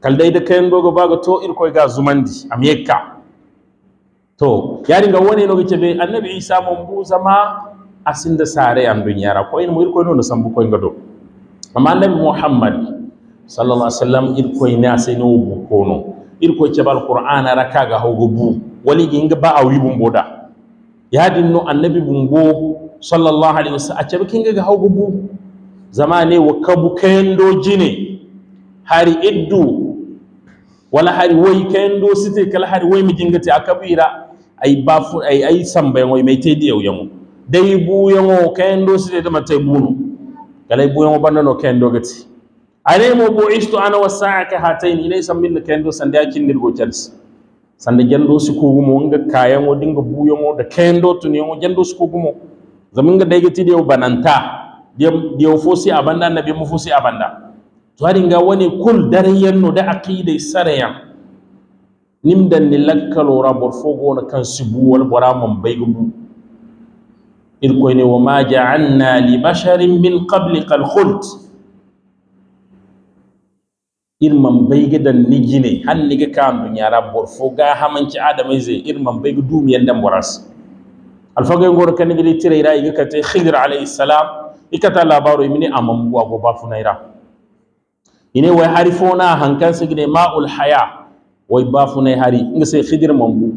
B: dai da kayan dogo baga to ir koy ga zumandi am yekka to yari nga wone no gice annabi isa mon bu zama asinda sare andu nyara koy mo ir koy no sambu koy gado. amma annabi muhammad sallallahu alaihi wasallam irko ina sai no bu kono irko ke bal qur'ana raka ga hogo bu wali ginga ba awi bun boda ya dinno annabi bun go sallallahu alaihi wasallam a ce kin ga hogo bu zamane wa kabu kendo jine hari iddu wala hari wai kendo site kala hari wai mi jingate akabira ay bafu ay ay samba ngoy mai tedi yow yamu day bu yamu kendo site dama tay bunu kala bu yamu bandano kendo gati alay mo bo isto ana wasaaka hatayn ilay sammilla kendo sande akindirgo jalsi sande jando sikugumo kayan kayango dinga buyomo da kendo tuniyomo jando sikugumo zaminga daygati ɗew bananta ɗew fo si abanda annabi mo fo si abanda to hari nga wani kul darayanno da aqiday saraya nim ni lakkalora bor fo na kan sibu wal bora mon baygo bu ir koyne woma jaalna li basharin min qablika alkhult irman bayga dan nigine han niga kan dunya bor fo ga hamanci adamai zai irman bayga dumiyan dan boras alfagai ngoro kan nigili tire ira ga kate khidir alayhi salam ikata labaru imini amam wa go ba funaira ine wai hari fona hankan gine ma'ul haya Wai ba funai hari inga sai khidir mambu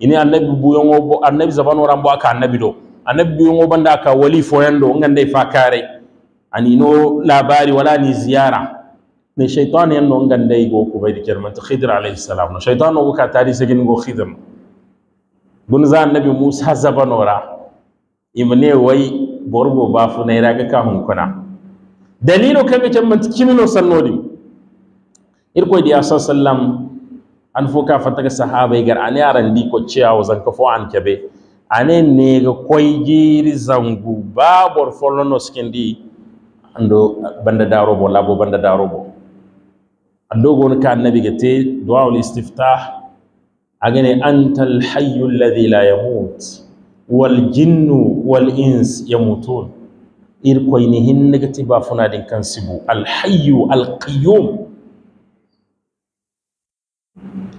B: ine annabi buyongo bo annabi waran rambo aka annabi do annabi buyongo banda aka wali foyando ngande fa kare ani no labari wala ni ziyara ni shaytan en no gandey go ko baydi kermante khidr alayhi salam no shaytan no ka tari segin go khidr bun za annabi musa zabanora imne wai borgo bafu ne raga ka hunkuna dalilo kabe kermante kimino sannodi irko di asa sallam an foka fataga sahabai gar an aran di ko ciyawo zanka fo an kebe ane nega koy jiri zangu babor folono skindi ando banda darobo labo banda darobo addogon ka annabi ga te du'a istiftah agane antal hayyu alladhi la yamut wal jinnu wal ins yamutun ir koyni hin nagati ba funa din kan sibu al hayyu al qayyum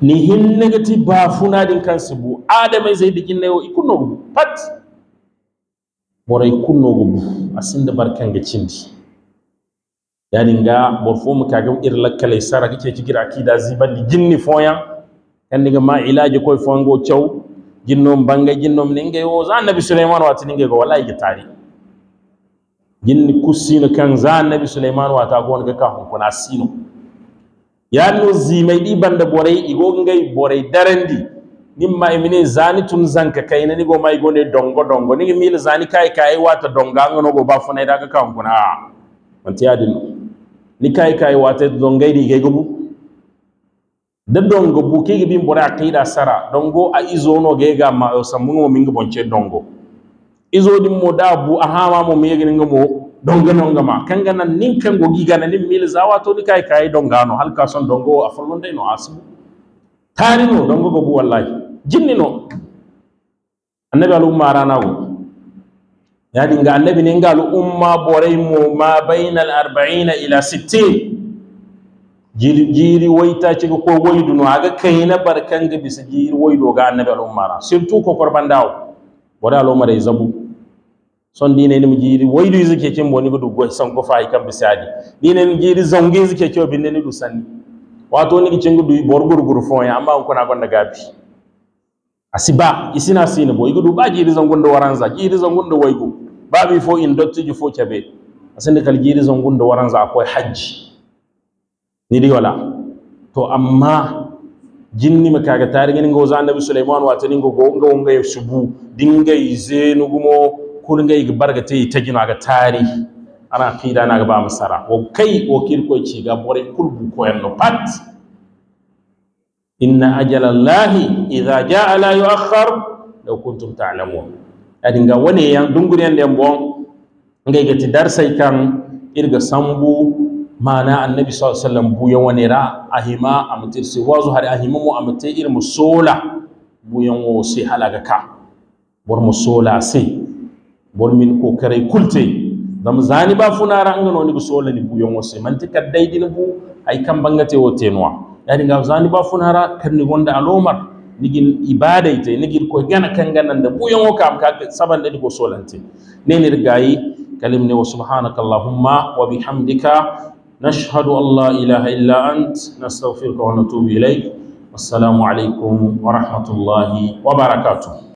B: ni hin nagati ba funa din kan sibu adamai zai digin nayo ikunno pat borai kunno gubu asinda barkan ga cindi yani nga borfo kaga ir lakkale sara kike ci gira kida zibandi jinni foya kan diga ma ilaji koy fongo chaw jinnom banga jinnom ninge wo za nabi sulaiman tin ninge go wallahi ki tari jinni kusina kan za nabi sulaiman ta go ga ka hon kuna sino ya no zimai di banda borai igo ngai borai darandi nimma emine zani tun zanka na ni go mai go ne dongo dongo ni mil zani kai kai wata donga ngono go bafuna daga kan kuna mantiya dinno ni kay kay wate do ngayri gego bu de dongo bu kegi bim bora qida sara dongo a izono gega ma o samu mo mingo bonche dongo izo dim mo da bu a ha ma mo mege ngo mo dongo nonga ma kanga nan nin kango giga nan nin mil zawa to ni kay kay dongo no halka son dongo a fallo ndey no asu tari no dongo go bu wallahi jinni no annabi alu marana go ya dinga annabi ne ga al'umma borai mo ma bayna al arbaina ila sittin jiri jiri ta cego ko wai no aga barkan barkanga bisa jiri do ga annabi al ummara surtout ko dawo wada al'umma da zabu son dine ni jiri do zike kin boni gudu go san ko fay kam bisadi dine ni jiri zongi zike cyo binne ni du sanni wato ni kin gudu bor gurguru ya amma ko na gonda gabi asiba isina sina bo igudu ba jiri zangundo waranza jiri zangundo waigu ba bi fo in dotti ju fo kebe asinde kal jiri zangundo waranza akwai hajji ni di wala to amma jinni ma kaga tare ngin ngo zan nabi sulaiman wa tani go go go subu dinga izenu gumo kul ngai barga tayi tajina ga tari ana qida na ga ba masara o kai o kirko ci ga bore ko yanno pat inna ajalallahi idha jaa la yuakhkhar law kuntum ta'lamun adin ga wani yan dunguren den bon ngai gati darsai kan irga sambu mana annabi sallallahu alaihi wasallam buyan wani ra ahima amtir si wazu hari ahima mu amtir ir sola buyan wo si halaga ka bor mu sola si bor min ko kare kulte dam zani ba funara ngano ni busola ni buyan wo si mantika tikar bu ay kam bangate wote tenwa yaani nga zani ba fun hara kan ni wonda alomar nigin ibada ite nigin gana kan ganan da buyon o kam ka saban da ko solante ne ne gayi kalim ne wa subhanaka allahumma wa bihamdika nashhadu an la ilaha illa ant nastaghfiruka wa natubu ilaik assalamu alaikum wa rahmatullahi wa barakatu.